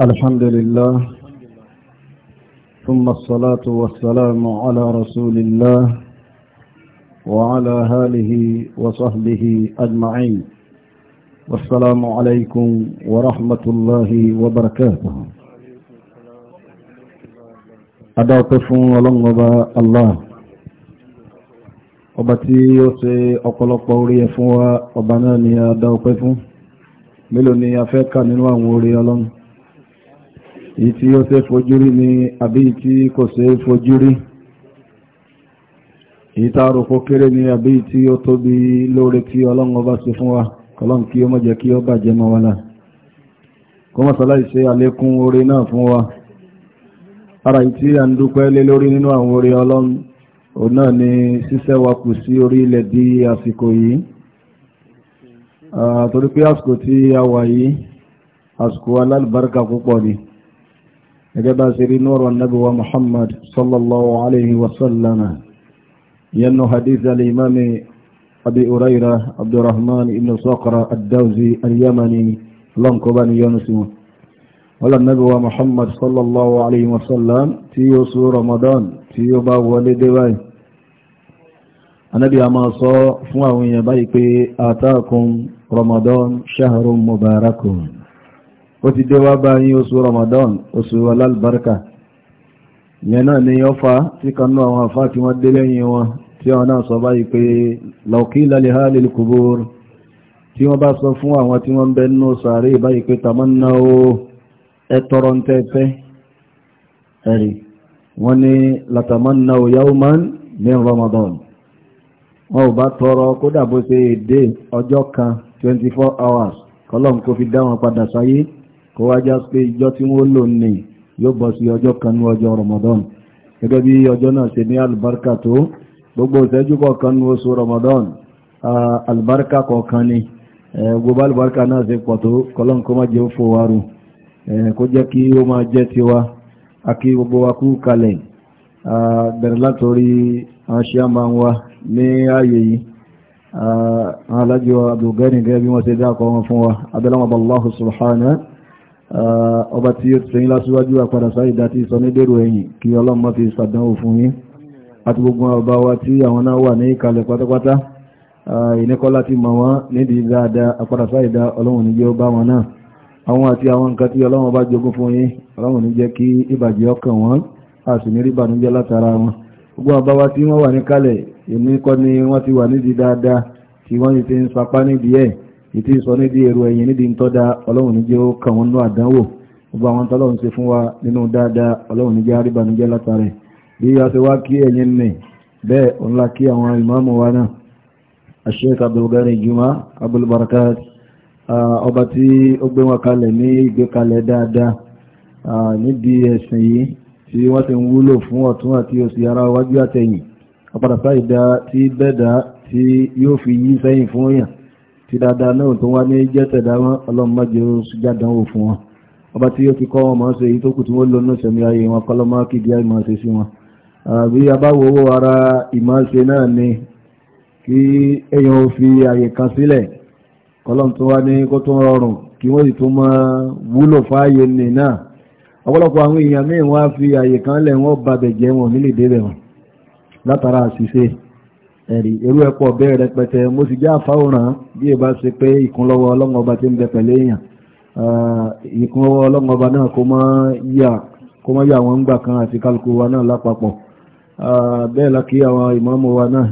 الحمد لله ثم الصلاة والسلام على رسول الله وعلى هاله وصحبه أجمعين والسلام عليكم ورحمة الله وبركاته أدعوكم ولنبا الله ọba tí ó ṣe ọ̀pọ̀lọpọ̀ orí ẹ̀ fún wa ọba náà ni a dá ọpẹ́ fún mélòó ni a fẹ́ kà nínú àwọn orí ọlọ́run èyí tí ó ṣe fojú rí ni àbí tí kò ṣe fojú rí èyí tá rò kó kéré ni àbí tí ó tóbi lóore tí ọlọ́run ọba ṣe fún wa ọlọ́run kí ó má jẹ́ kí ó bàjẹ́ mọ́ wa náà kó mọ́ sọ́lá ìṣe àlékún oore náà fún wa ara yìí tí a ń dúpẹ́ lé lórí nínú àwọn oore ọlọ́run òun náà ni ṣíṣẹ́ wa kù sí orí ilẹ̀ di àsìkò yìí torí pé àsìkò tí a wà yìí àsìkò alálùbáríkà púpọ̀ ni gẹ́gẹ́ bá ṣe rí nọ́rọ̀ annabuwa muhammad sallallahu alaihi wasallama yanu hadith al-imami abi uraira abdurrahman ibn sokara ad-dawzi al-yamani lọ́nkọba ni yọnu sí wọn wọ́n annabuwa muhammad sallallahu alaihi wasallam tí yóò sọ ramadan tí yóò bá wọlé dé báyìí anábì a máa sọ fún àwọn èèyàn báyìí pé ataakum ramadan shahrun mubarakun ó ti dé wá bá yín oṣù Ramadan oṣù alálùbáríkà yẹn náà ni yọ́ fa tí kan náà àwọn afá tí wọ́n dé lẹ́yìn wọn tí àwọn náà sọ báyìí pé lọ́kí lálẹ́há lèlùkùbòrò tí wọ́n bá sọ fún àwọn tí wọ́n bẹ nínú sàárè báyìí pé tamanna o ẹtọrọ ń tẹ́ẹ̀fẹ́ ẹ̀rì wọ́n ní latamanna o yawman ní Ramadan wọn ò bá tọrọ kódà bó ṣe èdè ọjọ́ kan 24 hours kọlọ́m kó fi dá wọn padà sáyé kó wá já pé ìjọ tí wọ́n lò ní yóò bọ́ sí ọjọ́ kanú ọjọ́ Ramadan gẹ́gẹ́ bí ọjọ́ náà ṣe ní albarka tó gbogbo ìṣẹ́jú kọ̀ọ̀kan ní oṣù Ramadan albarka kọ̀ọ̀kan ni gbogbo albarka náà ṣe pọ̀ tó kọlọ́n kó má jẹ́ ó fòwárù kó jẹ́ kí ó máa jẹ́ tiwa àkí gbogbo wa kú kalẹ̀ bẹ̀rẹ̀ látorí aṣíàmáwá ní ààyè yìí alájọ́ abdulgani gẹ́gẹ́ bí wọ́n ṣe dákọ̀ wọn fún wa abẹ́lẹ́wọ̀n bá Allahu subhanahu Uh, ọba tí ó tẹ̀yìn lásíwájú àpadà sáyé dátí ìsọnídèrò ẹ̀yìn kí ọlọ́mọ fi ṣàdánwò fún yín àti gbogbo ọba wa tí àwọn náà wà ní ìkàlẹ̀ pátápátá uh, ìníkọ́ láti mọ̀ wọ́n nídìí dáadáa àpadà sáyé dá ọlọ́run níjẹ́ ó bá wọn náà àwọn àti àwọn nǹkan tí ọlọ́run bá jogún fún yín ọlọ́run níjẹ́ kí ìbàjẹ́ ọkàn wọn a sì ní ríbànújẹ́ látara wọn gbogbo ni wọ́n ti wà nídìí dáadáa tí ìtí sọ níbi èrò ẹ̀yìn níbi ń tọ́da ọlọ́run ní jẹ́ ó kàn wọ́n nú àdánwò gbogbo àwọn tọ́lọ́run ṣe fún wa nínú dáadáa ọlọ́run ní jẹ́ àríbànújẹ́ látàrẹ̀ bí a ṣe wá kí ẹ̀yin nì bẹ́ẹ̀ ńlá kí àwọn ìmáàmù wa náà Sheikh Abdulgani Juma Abul Barakat ọba tí ó gbé wọn kalẹ̀ ní ìgbékalẹ̀ dáadáa níbi ẹ̀sìn yìí tí wọ́n ti ń wúlò fún ọ̀tún àti òsì ara wájú àtẹ̀yìn ọ̀padà sáìdá tí bẹ́ẹ̀dá tí yóò fi yí sẹ́yìn fún èèyàn tí dáadáa náà tó wá ní jẹ́tẹ̀ dáwọn ọlọ́mọdé jádanwò fún wọn ọba tí yóò fi kọ́ wọn máa ń ṣe èyí tó kù tí wọ́n lò náà sẹ̀mí ayé wọn kọ́lọ́mọ kìdí àìmọ̀ ṣe sí wọn àbí abáwo owó ara ìmọ̀ọ́ṣe náà ni kí èèyàn ò fi àyè kan sílẹ̀ kọ́lọ́m tó wá ní kó tó rọrùn kí wọ́n sì tó máa wúlò fáàyè nì náà ọ̀pọ̀lọpọ̀ àwọn èèyàn míì wọ́n á fi àyè kan lẹ̀ wọ́n bàbẹ̀ jẹ́ wọn nílé ẹ̀rí irú ẹ̀pọ̀ bẹ́ẹ̀ rẹpẹtẹ mo sì já fáwòrán bí ẹ bá ṣe pé ìkúnlọ́wọ́ ọlọ́ngọba tí ń bẹ pẹ̀lú èèyàn ìkúnlọ́wọ́ ọlọ́ngọba náà kó mọ́ yà àwọn ń gbà kan àti kálukú wa náà lápapọ̀ bẹ́ẹ̀ la àwọn ìmáàmù wa náà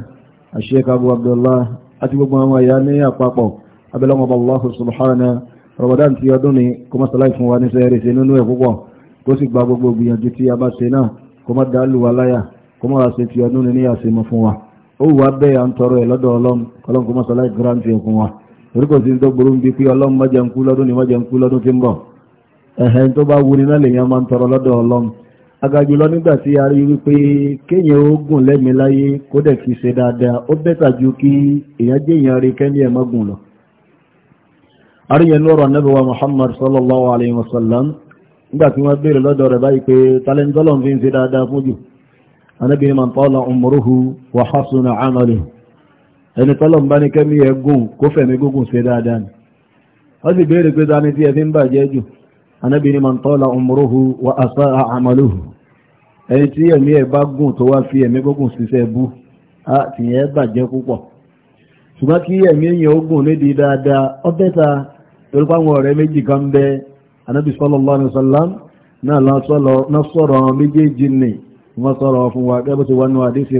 àṣíkà Abu Abdullah àti gbogbo àwọn ẹ̀yà ní àpapọ̀ abẹ́lọ́ngọba Allah subhanahu Ramadan ti ọdún ni kó mọ́ sàlàyé fún wa ní sẹ́yẹrì sí nínú ẹ̀ púpọ̀ kó sì gba gbogbo gbìyànjú tí a bá ṣe náà kó mọ́ dàálù wa ni ní àṣemọ ó wà bẹ́ẹ̀ à ń tọrọ ẹ̀ lọ́dọ̀ ọlọ́run ọlọ́run kò mọ́ sọlá ìgbìrántì òkun wa torí sí tó burú ń bi pé ọlọ́run má ń kú lọ́dún ni má jẹ́ ń kú lọ́dún tí ń bọ̀ ẹ̀hẹ́ tó bá wuni náà lèèyàn máa ń tọrọ lọ́dọ̀ ọlọ́run agajù lọ nígbà tí a rí wípé kéèyàn ó gùn lẹ́mi láyé kó dẹ̀ fi ṣe dáadáa ó bẹ́tà ju kí èèyàn jẹ́ èèyàn rí kẹ́ni ẹ̀ mọ́gùn lọ. àríyàn lọ́rọ̀ anábì wa muhammad sallallahu alayhi wa sallam nígbà tí wọ́n béèrè lọ́dọ̀ rẹ̀ báyìí pé talẹ́ńtọ́lọ́ fi ń ṣe dáadáa fún jù anábìnrin man tala umruhu wa hasuna amaluhu ẹni tọ́lọ̀ ń bá ní kẹ́mí ẹgùn kó fẹ̀mí gúngùn ṣe dáadáa ni ó sì béèrè pé dání tí ẹ fi ń bàjẹ́ jù anábìnrin man tala umruhu wa asaa amaluhu ẹni tí ẹ̀mí ẹ̀ bá gùn tó wá fi ẹ̀mí gúngùn ṣiṣẹ́ bú á tìyẹn bàjẹ́ púpọ̀ ṣùgbọ́n kí ẹ̀mí èèyàn ó gùn nídìí dáadáa ó bẹ́ta torí ọ̀rẹ́ méjì kan bẹ anábì sallallahu alaihi wasallam náà lọ sọ̀rọ̀ méjèèjì nìyí wọ́n sọ̀rọ̀ fún wa gẹ́gẹ́ bó ti wọ́n nù àdísì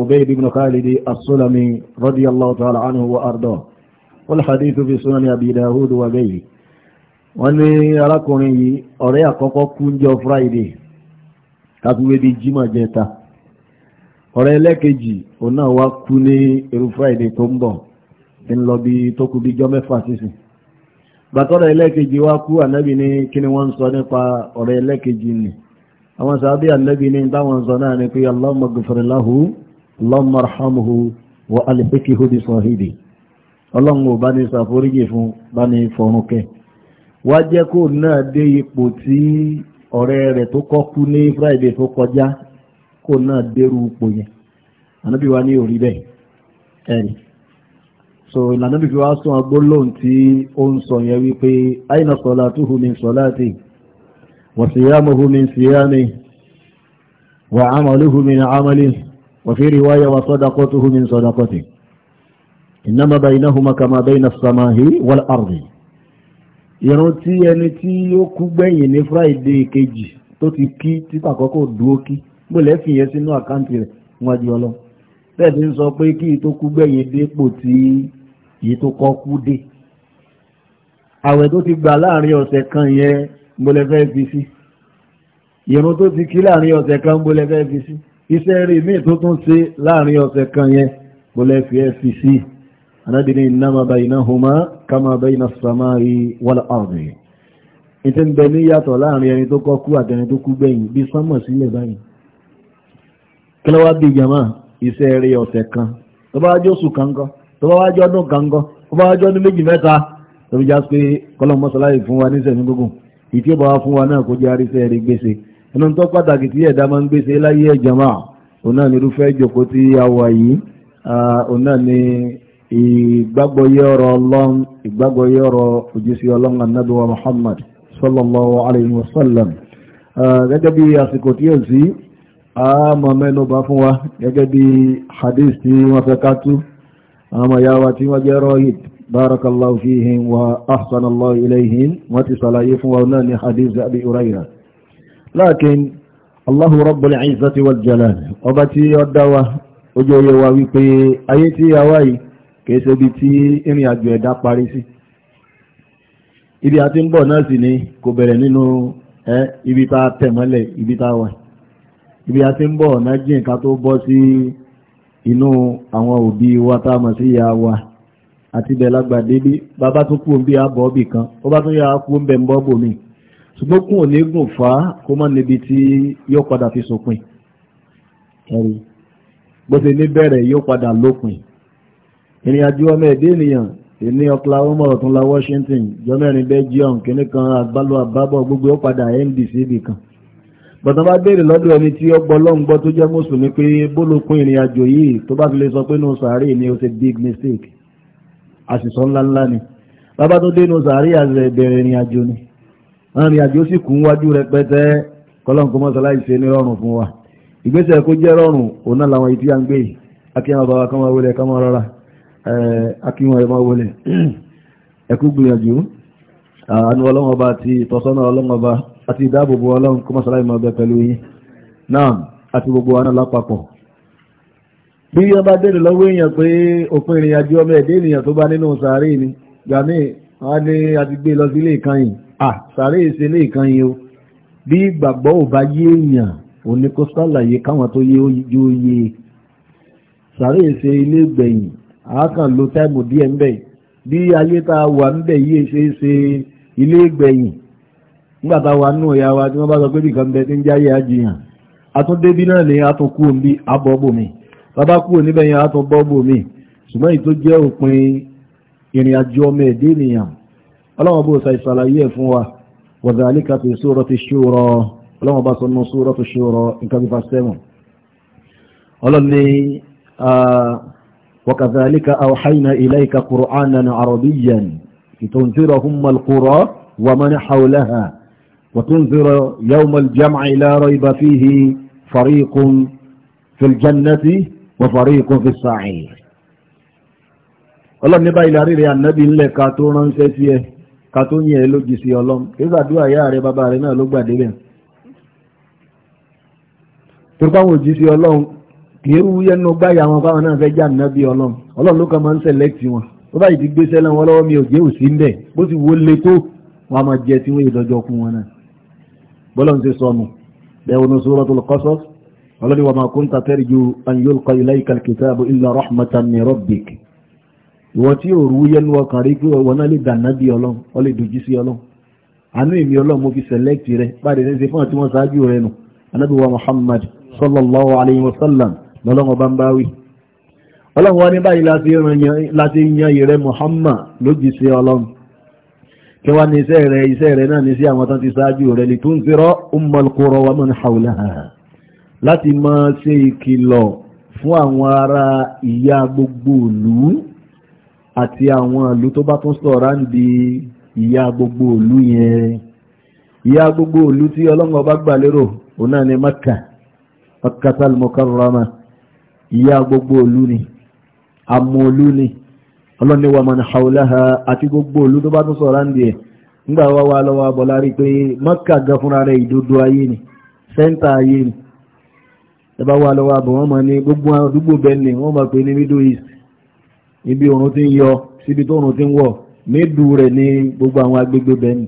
Ubayd ibn Khalid as-Sulami radiyallahu ta'ala anhu wa arda wal hadithu fi sunan Abi Dawud wa gẹ́yì wọ́n ní arákùnrin yìí ọ̀rẹ́ àkọ́kọ́ kúnjọ Friday kàtúwé di jimá jẹta ọ̀rẹ́ ẹlẹ́kejì òun náà wá kú ní irú Friday tó ń bọ̀ ti ń lọ bí tó kú bí jọ mẹ́fà sísìn bàtọ́rọ̀ ẹlẹ́kejì wá kú ànábì ní kí ni wọ́n ń sọ nípa ọ̀rẹ́ ẹlẹ́kejì nìí àwọn sàábí ànábì ní táwọn sọ náà ni pé allahumma ghfir lahu allahumma arhamhu wa alhiqhu bi sahibi ọlọ́run bá ní ṣàforíjì fún bá ní fọrúnkẹ́ wá jẹ́ kó náà dé ipò tí ọ̀rẹ́ rẹ̀ tó kọ́ ní friday tó kọjá kó náà dérú ipò yẹn ànábì wa ní orí bẹ́ẹ̀ ẹ̀rì so ìlànà bí fi wá sún agbólóhùn tí ó ń sọ yẹn wípé aina salatuhu min salati وصيامه من صيامه وعمله من عمله وفي رواية وصدقته من صدقته إنما بينهما كما بين السماء والأرض ìran tí ẹni tí ó kú gbẹ̀yìn ní friday kejì tó ti kí tí pàkọ́kọ́ dúó kí mo lẹ́fì yẹn sínú àkáǹtì rẹ̀ níwájú ọlọ́ bẹ́ẹ̀ ti ń sọ pé kí èyí tó kú gbẹ̀yìn dépò tí èyí tó kọ́ kú dé àwẹ̀ tó ti gbà láàrin ọ̀sẹ̀ kan yẹn mbólẹ́fẹ́ fi sí ìrun tó ti kí láàrin ọ̀sẹ̀ kan mbólẹ́fẹ́ fi sí iṣẹ́ rí míì tó tún ṣe láàrin ọ̀sẹ̀ kan yẹn mbólẹ́fẹ́ fi sí anábìnrin innama baynahuma kama bayna samai wal ardi ìtí ń bẹ ní yàtọ̀ láàrin ẹni tó kọ́ kú àtẹni tó kú gbẹ̀yìn bí sánmọ̀ sílẹ̀ báyìí kí ló wá bí jama iṣẹ́ rí ọ̀sẹ̀ kan tó bá wájú oṣù kankan tó bá wájú ọdún ìtí ó bá fún wa náà kó jẹ́ àríṣẹ́ rí gbèsè ẹnu tó pàtàkì tí ẹ̀dá máa ń gbèsè láyé ẹ̀jọ̀má òun náà ni irúfẹ́ ìjòkó tí a wà yìí òun náà ni ìgbàgbọ́yé ọ̀rọ̀ ọlọ́run ìgbàgbọ́yé ọ̀rọ̀ òjísí ọlọ́run Ànábì Muhammad sallallahu alayhi wa sallam gẹ́gẹ́ bí àsìkò tí ó sí àmọ́ mẹ́nu bá fún wa gẹ́gẹ́ bí hadith tí wọ́n fẹ́ ká tú àmọ́ yàwá tí wọ́n jẹ́ rọ́hìd بارك الله فيهم وأحسن الله إليهم وتصلى فونا حديث أبي هريرة لكن الله رب العزة والجلال وبتي الدواء ojóye wa wípé ayé tí a wáyé kìí ṣe ibi tí ìrìn ni nínú ibi a tẹ̀mọ́lẹ̀ ibi tá a wà ibi àti ìdẹ̀lágbà débí bàbá tó kú bí àbọ̀ bì kan ó bá tó yára kú ń bẹ̀ ń bọ́ bò mí ṣùgbọ́n kún òní gùn fà á kó mọ́ níbi tí yóò padà fi sòpin ẹ̀rí bó ṣe ní bẹ̀rẹ̀ yóò padà lópin ìrìn àjò ọmọ ẹ̀dẹ́ ènìyàn ìní Oklahoma ọ̀túnla Washington jọmẹ́rin Belgium kìíní kan àgbálò àbábọ̀ gbogbo ó padà ndc bì kan bọ̀tán bá béèrè lọ́dọ̀ ẹni tí ó gbọ́ lọ́ngbọ́ tó jẹ́ mùsùlùmí pé bólókun ìrìn àjò yìí tó bá fi lè sọ pé nù sàárè ni ó ṣe big mistake àṣìṣọ́ ńláńlá ni bàbá tó dénú sàárì àṣẹ bẹ̀rẹ̀ ìrìn àjò ni ìrìn àjò sì kún wájú rẹpẹtẹ kọlọ́nkọ mọ́sálá ìṣe ní rọrùn fún wa ìgbésẹ̀ kó jẹ́ rọrùn òun náà làwọn ìtí à ń gbé akíyàn bàbá kan máa wọlé kan máa rọra akíyàn ẹ̀ máa wọlé ẹkú bí wọ́n bá bèèrè lọ́wọ́ èèyàn pé òpin ìrìn ọmọ ẹ̀dẹ́ ènìyàn tó bá nínú sàárè ni gbàmí wọ́n ní a ti gbé lọ sí ilé ìkànnì à sàárè ìṣe ilé ìkànnì o bí gbàgbọ́ ò bá yé èèyàn ò ní kó tó yé ojú yé sàárè ìṣe ilé àákàn ló táìmù díẹ̀ bí ayé a wà ńbẹ̀ yìí ṣe é ṣe ilé ìgbẹ̀yìn nígbà tá wà nù bàbá kúrò níbẹ̀ yẹn àtọ̀ bọ́ọ̀bù mi ṣùgbọ́n èyí tó jẹ́ òpin ìrìn àjò ọmọ ẹ̀dẹ́ ènìyàn ọlọ́wọ́n bó sa ìṣàlàyé ẹ̀ fún wa wazalika fi surati shura ọlọ́wọ́n bá sọ nù surati shura nǹkan bí fásitẹ́mù ọlọ́ni وكذلك أوحينا إليك قرآنا عربيا لتنذر في الجنة wa fariqun fi sa'il ọlọ́run ní báyìí lárí rẹ̀ ànábì ńlẹ̀ ká tó ránṣẹ́ sí ẹ ká tó yẹ ẹ lójì sí ọlọ́run ìgbàdúrà ìyá rẹ̀ bàbá rẹ̀ náà ló gbàdé bẹ̀ tó káwọn òjì sí ọlọ́run kìírù yẹnu báyà wọn báwọn náà fẹ́ jẹ́ ànábì ọlọ́run ọlọ́run ló kàn máa ń sẹ̀lẹ́kì wọn tó báyìí ti gbéṣẹ́ lẹ́wọ́n lọ́wọ́ mi ò jẹ́ òsì bó ti wo le tó wọn a máa jẹ tí wọ́n ìdọ́jọ́ kún wọn náà bọ́lọ́run ti sọnù bẹ́ẹ̀ wọn ní Suratul ọlọ́ni wa ma kunta tarju an yulqa ilayka al-kitabu illa rahmatan min rabbik ìwọ tí ò rú yẹnu ọkàn rí pé ọwọ́ náà lè dànà bí ọlọ́run ọ lè dojú sí ọlọ́run àánú èmi ọlọ́run mo fi select rẹ báyìí rẹ ṣe fún àti wọn ṣáájú rẹ nù anábì wa muhammad sallallahu alayhi wa sallam lọ́lọ́run ọba ń bá wí. ọlọ́run wa ní báyìí láti yan ìrẹ muhammad lójú sí ọlọ́run kí wá ní iṣẹ́ rẹ iṣẹ́ rẹ náà ní sí àwọn tán ti ṣáájú rẹ lè tún zero ummal qura wa man hawlaha láti máa ṣe ìkìlọ̀ fún àwọn ará ìyá gbogbo ìlú àti àwọn ìlú tó bá tún sọ̀rá ń ìyá gbogbo ìlú yẹn ìyá gbogbo ìlú tí ọlọ́ngọ̀ bá gbà lérò òun náà ni Makka Makkatal Mukarrama ìyá gbogbo ìlú ni amòlú ni ọlọ́ni wa man hawlaha àti gbogbo ìlú tó bá tún sọ̀rá ń di ẹ̀ nígbà wá wá lọ́wọ́ abọ́lárí pé Makka gan fúnra rẹ̀ ìdodo ayé ni sẹ́ńtà ayé ni tẹ́bá wà lọ́wọ́ àbọ̀ wọ́n máa ní gbogbo àdúgbò bẹ́ẹ̀ni wọ́n máa pè ní middle east ibi oòrùn ti ń yọ síbi tó oòrùn ti ń wọ̀ médù rẹ̀ ní gbogbo àwọn agbègbè bẹ́ẹ̀ni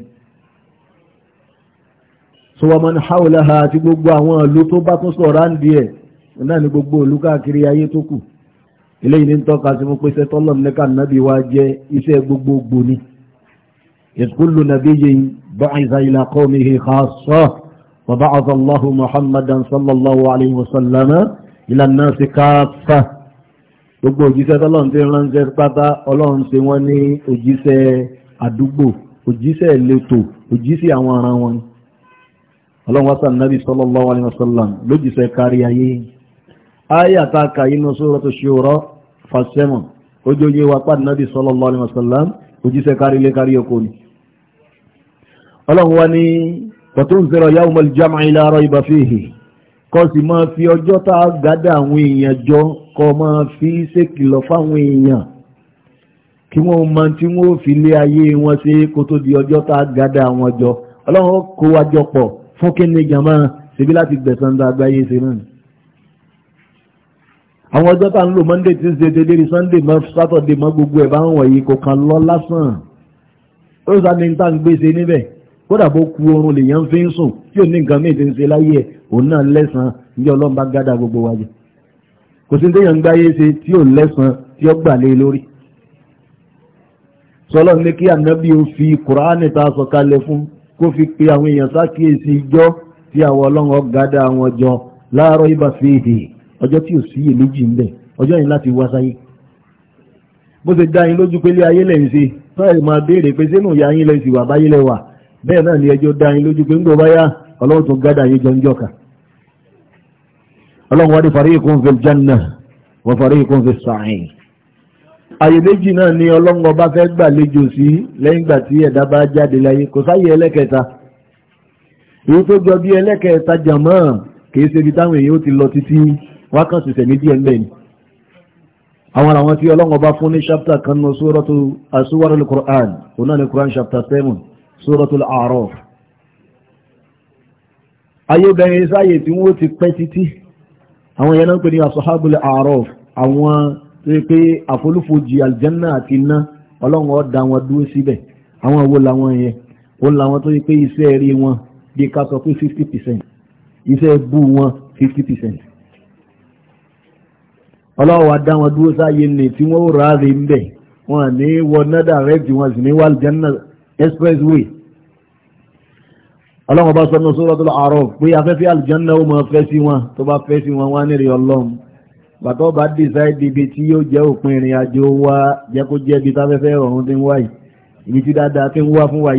so wọ́n máa ń haúláha àti gbogbo àwọn ìlú tó bá tún sọ̀rọ̀ àǹdí ẹ̀ náà ní gbogbo ìlú káàkiri ayé tó kù eléyìí ní ń tọ́ka sí mo pé iṣẹ́ tọ́lọ́m ní kànábì wa jẹ́ iṣẹ́ gbogbogbò ni ìkúlù nàbí bá ìzà ìlà qawmihi khassa وبعث الله محمدا صلى الله عليه وسلم إلى الناس كافة gbogbo òjíṣẹ́ tọ́lọ́run tí ránṣẹ́ pátá ọlọ́run ṣe wọ́n ní òjíṣẹ́ àdúgbò òjíṣẹ́ ìletò òjíṣẹ́ àwọn ara wọn ọlọ́run wásà nàbí sallallahu alaihi wasallam lójíṣẹ́ kárí ayé ayé àtàkà inú suratu Shura fàṣẹ́mọ̀ ojóyé wa pàdé nàbí sallallahu alaihi wasallam òjíṣẹ́ kárí ilé kárí ọkọ ni ọlọ́run wá ní وتنذر يوم الجمع لا ريب فيه kọ́ sì máa fi ọjọ́ tá a gádà àwọn èèyàn jọ kọ́ máa fi ṣèkìlọ̀ fáwọn èèyàn kí wọ́n mọ tí wọ́n fi lé ayé wọn ṣe kó tó di ọjọ́ tá gádà àwọn jọ ọlọ́run kó wa jọ pọ̀ fún kí ni jàmá ṣebí láti gbẹ̀san dá agbáyé náà àwọn ọjọ́ tá ń lò monday tuesday dédé sunday mọ́ saturday mọ́ gbogbo ẹ̀ bá ń wọ̀nyí kò kàn lọ lásán ó sá kódà bó ku oorun lèèyàn fi ń sùn tí ò ní nǹkan míì ti ń ṣe láyé ẹ̀ òun náà lẹ́sàn-án ní ọlọ́run bá gádà gbogbo wájú kò sí téèyàn ń gbáyé ṣe tí ò lẹ́sàn-án tí ó gbà lé lórí sọlọ́ ní kí ànábì ó fi kùránì ta sọ kalẹ̀ fún kó fi pe àwọn èèyàn sákìyèsí ìjọ tí àwọn ọlọ́run ọ̀gádà wọn jọ láàárọ̀ ibà fi èdè ọjọ́ tí ò sí èméjì ń bẹ̀ ọjọ́ yìí láti wá sáyé bó ṣe dá yín lójú pé ilé ayé lẹ́yìn ṣe báyìí máa béèrè pé sínú ìyá yín lẹ́sìn wà báyìí lẹ́wà bẹ́ẹ̀ náà ni ẹjọ́ dá yín lójú pé ń gbọ́ báyá ọlọ́run tó gádà yín jọ ń jọ ọlọ́run wá ní fariqun fil janna wa fariqun fis sa'in àyè méjì náà ni ọlọ́run ọba fẹ́ gbàlejò sí lẹ́yìn ìgbà tí ẹ̀dá bá jáde láyé kò sáyè ẹlẹ́kẹta èyí tó jọ bí ẹlẹ́kẹta jàmọ́ kì í ṣe ibi táwọn èèyàn ó ti lọ títí wákàtí sẹ̀mí díẹ̀ ń bẹ̀ ni àwọn àwọn tí ọlọ́run ọba fún ní ṣáptà kan nù sórọ́tù asúwárọ̀lù Qur'an òun náà ni Qur'an ṣáptà 7 suratul A'raf ayébẹ̀rin sáyè tí wọ́n ti pẹ́ títí àwọn yẹn náà pè ní ashabul A'raf àwọn tó yẹ pé àfolúfojì aljanna àti iná ọlọ́run ọ̀dà wọn dúró síbẹ̀ àwọn wo làwọn yẹn ó làwọn tó yẹ pé iṣẹ́ rí wọn bí ká sọ pé fifty percent iṣẹ́ bú wọn fifty percent ọlọ́wọ́ wọn dúró sáyé ní tí wọ́n rà rí ń bẹ̀ wọ́n ní wọ́n nádà rẹ̀ tí sì ní wà aljanna expressway ọlọ́run bá sọ́nà suratul A'raf pé afẹ́fẹ́ àlùjànnà ó máa fẹ́ sí wọn tó bá fẹ́ sí wọn wá nírì ọlọ́run bàtọ́ bá dìsáìdì ibi tí yóò jẹ́ òpin ìrìn àjò wa jẹ́ jẹ́ ibi táfẹ́fẹ́ ọ̀run ti ń wá ibi tí dáadáa ti ń wá fún wa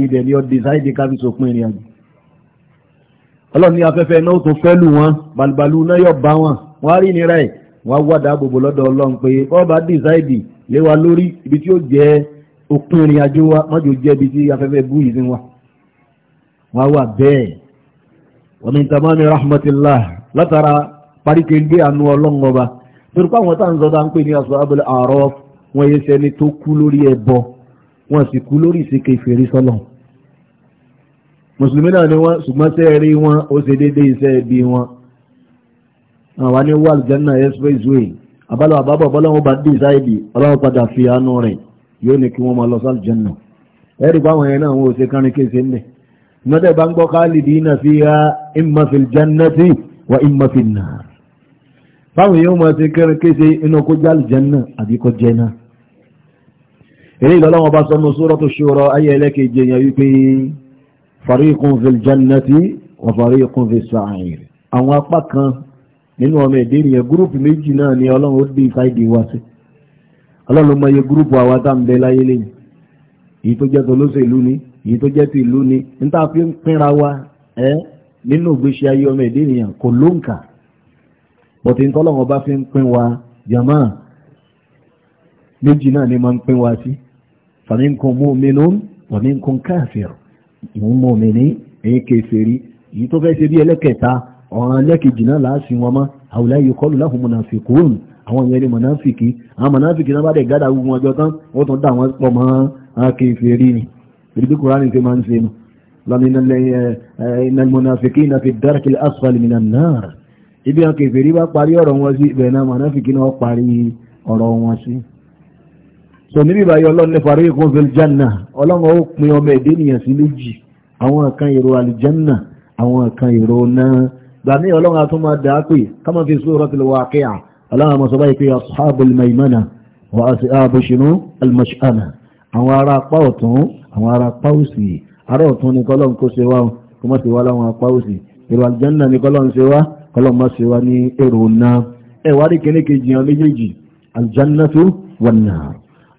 dẹ̀ ní ọ òpin ìrìn àjò wa mọ́jọ jẹ́bi tí afẹ́fẹ́ bú yìí wa wá wà bẹ́ẹ̀ wọ́n ní tamami rahmatillah látara paríkẹ́ gbé àánú ọlọ́ngọba torí pàwọn tá à ń sọ dá ń pè ní aṣọ abúlé àárọ̀ wọn yé sẹni tó kú lórí ẹbọ wọn sì kú lórí ìsìnkè ìfèrí sọlọ mùsùlùmí náà ni wọn ṣùgbọ́n rí wọn ó ṣe déédéé iṣẹ́ ẹbí wọn àwa ní wàlùjẹ́ náà expressway àbálọ̀ àbábọ̀ bọ́lọ́wọ́ bá dé ìsáyẹ̀dì ọlọ́wọ́ padà fi àánú rẹ̀ yóò ní kí wọ́n máa lọ sálù jẹ́nà ẹ̀rù báwọn yẹn náà wọ́n ò ṣe kárin kéèsè ńlẹ̀ nọ́dẹ̀ bá ń gbọ́ khalidina fiha imma fil jannati wa imma fin nar báwọn yẹn máa ṣe kárin kéèsè iná kó jálù jẹ́nà àbí kó jẹ́nà ilé ìlọ́lọ́wọ́ bá sọ́nà suratu shura ayé ẹlẹ́kẹ̀ẹ́jẹ yẹn wípé fariqun fil jannati wa fariqun fis sa'ir àwọn apá kan nínú ọmọ ẹ̀dẹ́ nìyẹn gúrúùpù méjì náà ni ọlọ́run ó dé ìfáìdí wá sí ọlọ́run mọ iye gúrùpù àwa tá ń bẹ láyé lẹ́yìn èyí tó jẹ́ tolóṣèlú ni èyí tó jẹ́ ti ìlú ni níta fi ń pínra wa ẹ́ nínú ìgbésí ayé ọmọ ìdí ènìyàn kò lóǹkà bọ̀tí ń tọ́lọ́run ọba fi ń pín wa jàmá méjì náà ni máa ń pín wa sí faminkum mu'minun wa minkum kafir ìwọ̀n mu'mini èyí kèfèrí èyí tó fẹ́ ṣe bí ẹlẹ́kẹta ọ̀ràn ẹlẹ́kejì náà làásì wọn mọ́ àwùlá yìí kọlù láhùn mùnàfíkùn àwọn ìyẹn ni mọ̀náfìkì àwọn mọ̀náfìkì náà bá dẹ̀ gádà gbogbo ọjọ́ tán wọ́n tún dá wọn pọ̀ mọ́ akéfèrí ni ìdíbí kùránì ṣe máa ń ṣe nu lọ́nà mọ̀náfìkì náà fi dárkìlì asfali minan nar ibi akéfèrí bá parí ọ̀rọ̀ wọn sí ibẹ̀ náà mọ̀náfìkì náà parí ọ̀rọ̀ wọn sí so níbi ìbáyé ọlọ́run ní farí ìkún fil janna ọlọ́run ó pin ọmọ àwọn kan èrò alìjanna àwọn kan èrò náà gbàmí ọlọ́run a tún máa dàá pé ká máa fi suratul waqi'a aláwọn ọmọ sọba ìpé ashabul maimana wa ashabushinu almashana àwọn ará apá ọ̀tún àwọn ará apá òsì ará ọ̀tún ní kọ́lọ̀ kó ṣe wá kó mọ́ ṣe wá láwọn apá òsì èrò aljanna ní kọ́lọ̀ ṣe wá kọ́lọ̀ mọ́ ṣe wá ní èrò náà ẹ wá rí kíní kejì hàn méjèèjì aljannatu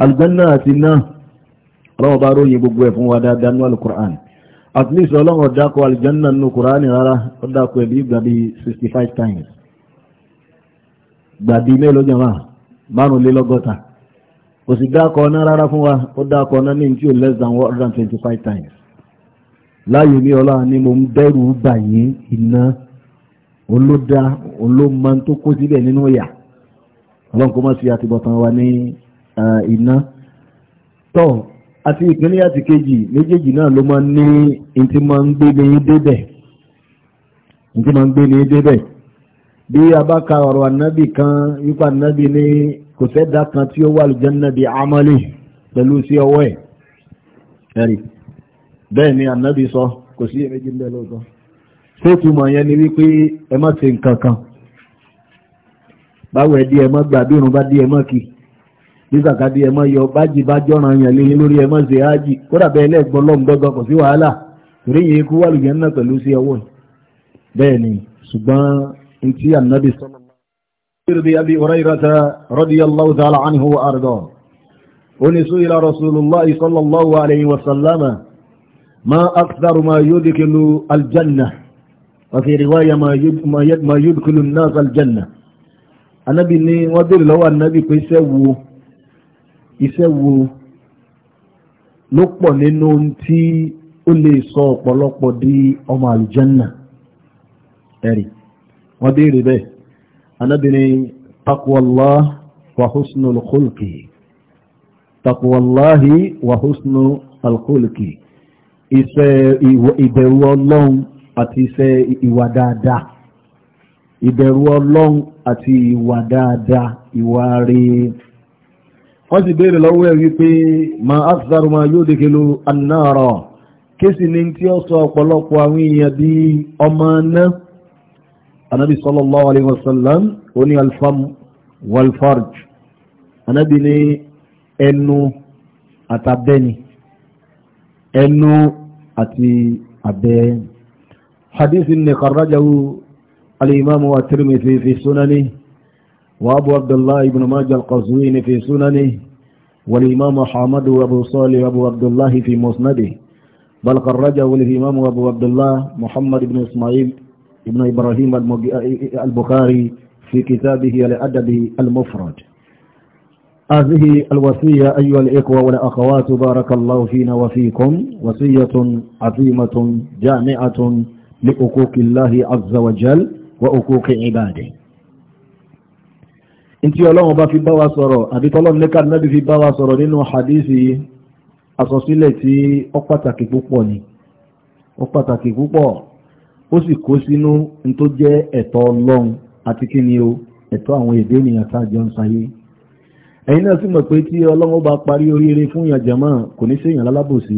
aljanna àti náà ọlọ́wọ́ bá ròyìn gbogbo ẹ̀ fún wa dáadáa ní alukur'an at least ọlọ́wọ́ dákọ̀ aljanna nínú kur'an rárá ó dákọ̀ ẹ̀ bí ìgbà 65 times gbàbí mélòó jẹ́ máa márùnlélọ́gọ́ta kò sì dákọ̀ ọ̀nà rárá fún wa ó dákọ̀ ọ̀nà ní tí ó less than 125 times láyé ní ọlá ni mo ń bẹ̀rù bàyín iná olódá olóma tó kó síbẹ̀ nínú ìyà ọlọ́run kó má sí àtibọ̀tán wa ní iná tọ́ àti ìpínlẹ̀ àti kejì méjèèjì náà ló máa ń ní ní tí máa ń gbé ní débẹ̀ bí a bá ka ọ̀rọ̀ ànábì kan wípa ànábì ní kò sẹ́dá kan tí ó wà lùjẹ́nà bí amọ́lé pẹ̀lú sí ọwọ́ ẹ̀ ẹ̀rì bẹ́ẹ̀ ni ànábì sọ kò sí èméjì bẹ́ẹ̀ lọ́tọ̀ ṣé túmọ̀ yẹn ni wípé ẹ má ṣe nǹkan kan báwo ẹ di ẹ má gbà bí irun bá di ẹ má kì bí kàkà di ẹ má yọ bájì bá jọ́ràn yàn lé lórí ẹ má ṣe ájì kódà bẹ́ẹ̀ lẹ́gbọ́n lọ́mùdọ́gbọ́n kò sí wàhálà torí yìí kú wà lùjẹ́nà pẹ̀lú sí ọwọ́ bẹ́ẹ̀ ni ṣùgbọ́n انتي النبي صلى الله عليه وسلم أبي هريرة رضي الله تعالى عنه وأرضاه ونسئل رسول الله صلى الله عليه وسلم ما أكثر ما يدخل الجنة وفي رواية ما ما ما يدخل الناس الجنة النبي ني ودل لو النبي كيسو يسو ló pọ̀ nínú tí ó lè sọ ọ̀pọ̀lọpọ̀ di ọmọ wọ́n béèrè bẹ́ẹ̀ anábìnrin taqwallah wa husnul khulqi taqwallahi wa husnul khulqi iṣẹ́ ìbẹ̀rù ọlọ́run àti iṣẹ́ ìwà dáadáa ìbẹ̀rù ọlọ́run àti ìwà dáadáa ìwà rí wọ́n sì béèrè lọ́wọ́ ẹ̀ wípé ma azaru ma yóò dékèlò annáàrọ̀ kí sì ní tí ó sọ ọ̀pọ̀lọpọ̀ àwọn èèyàn bí ọmọ náà anábì sallallahu alayhi wa sallam ó ní alfam walfarj anábì ní ẹnu àtàbẹ́ni ẹnu àti abẹ́ni حديث إن خرجه الإمام الترمذي في سننه وأبو عبد الله بن ماجه القزوين في سننه والإمام أحمد وأبو صالح وأبو عبد الله في مسنده بل خرجه الإمام أبو عبد الله محمد بن إسماعيل ابن إبراهيم البخاري في كتابه الأدب المفرد هذه الوصية أيها الإخوة والأخوات بارك الله فينا وفيكم وصية عظيمة جامعة لأقوك الله عز وجل وأقوك عباده inti ọlọ́run bá في bá wa sọ̀rọ̀ àbí لك lẹ́ka في fi bá wa sọ̀rọ̀ nínú hadisi àsọsílẹ̀ tí ó ó sì kó sínú tó jẹ́ ẹ̀tọ́ ọlọ́run àti kí ni o ẹ̀tọ́ àwọn èdè ènìyàn sáàjọ ń sayé ẹ̀yin náà sì mọ̀ pé tí ọlọ́run bá parí oríire fún kò ní lálábòsí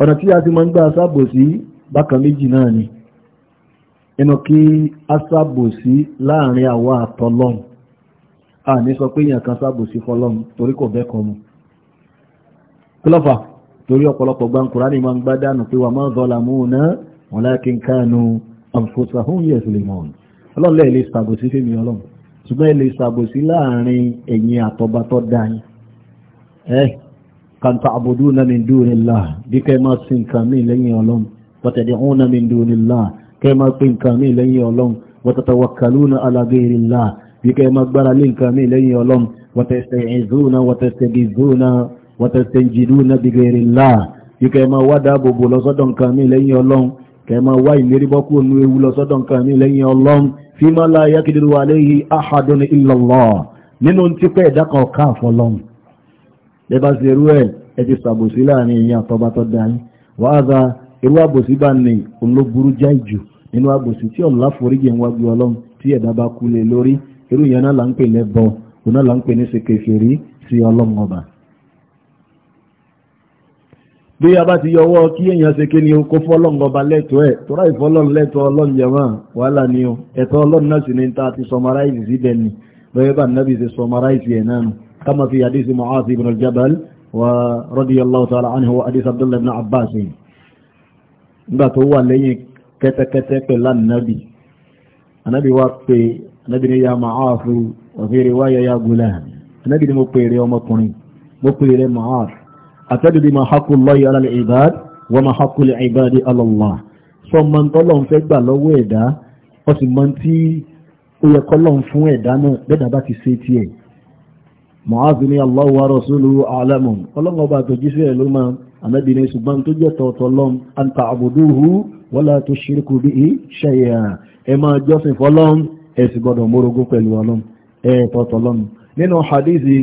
ọ̀nà tí a ti máa ń gbà sábòsí bákan méjì náà ni ẹnu kí a sábòsí láàrin àwa àtọlọ́run a ní sọ pé èèyàn kan sábòsí fọlọ́run torí kò bẹ́ẹ̀ kan mu kílọ̀fà torí ọ̀pọ̀lọpọ̀ ni máa ń gbá dànù pé wà máa ń walakin kanu anfusahum yaslimun ọlọ́lẹ̀ ilé ìsàbòsí fèmí ọlọ́run ṣùgbọ́n ilé ìsàbòsí láàrin ẹ̀yìn àtọba tó dáyìn ẹ́ kàntà ta'buduna min dunillah bí kẹ́ máa sin nǹkan mí lẹ́yìn ọlọ́run wa tad'una min dunillah kẹ́ máa pín nǹkan mí lẹ́yìn ọlọ́run wa tatawakkaluna ala ghayrillah bí kẹ́ máa gbára lé nǹkan mí lẹ́yìn ọlọ́run wa tasta'izuna wa lọ́sọ́dọ̀ nǹkan mí lẹ́yìn ọlọ́run kẹma wá ìlérí bọ́kú ònú ewu lọ sọ́dọ̀ nǹkan ní lẹ́yìn ọlọ́run fi máa la yákìdìrú wa léyìí ahadun illallah nínú tí pẹ́ ẹ̀dá kan ká àfọlọ́run ẹ bá ṣe irú ẹ̀ ẹ ti ṣàbòsí láàrin èyí àtọ́ba tó dá yín wàhálà irú àbòsí bá ní olóburú já ìjù nínú àbòsí tí ọ̀la foríjì ń wájú ọlọ́run tí ẹ̀dá bá kú lé lórí irú yẹn náà là ń pè lẹ́bọ òun bí a bá ti yọwọ́ kí èyàn ṣe kí ni ó kó fọ́lọ́ngọba lẹ́tọ́ ẹ̀ tọ́rọ ìfọ́lọ́n lẹ́tọ́ ọlọ́n jẹma wàhálà ni ó ẹ̀tọ́ ọlọ́n náà sì ní ta ti sọmaráìsì síbẹ̀ ni bẹ́ẹ̀ bá nàbí ṣe sọmaráìsì ẹ̀ náà kama fi hadisi Mu'adh ibn al-Jabal wa radiyallahu ta'ala anhu wa hadisi Abdullah ibn Abbas nígbà tó wà lẹ́yìn kẹ́tẹ́kẹ́tẹ́ pẹ̀lú anabi anabi wa pe anabi ni ya Mu'adh wa fi riwaya ya gulam anabi ni mo pèrè ọmọkùnrin mo pèrè Mu'adh àtẹ́dìdì ma hakù lọ́yí ala al-ibad wa ma hakù al-ibadi ala Allah sọ ma ń tọ́lọ̀ ń fẹ́ gbà lọ́wọ́ ẹ̀dá ó sì ma ń tí ó yẹ kọ́lọ̀ ń fún ẹ̀dá náà bẹ́ẹ̀dá bá ti ṣe tiẹ̀ mọ̀háàfin ni Allahu wa rasuluhu a'lamu hadithi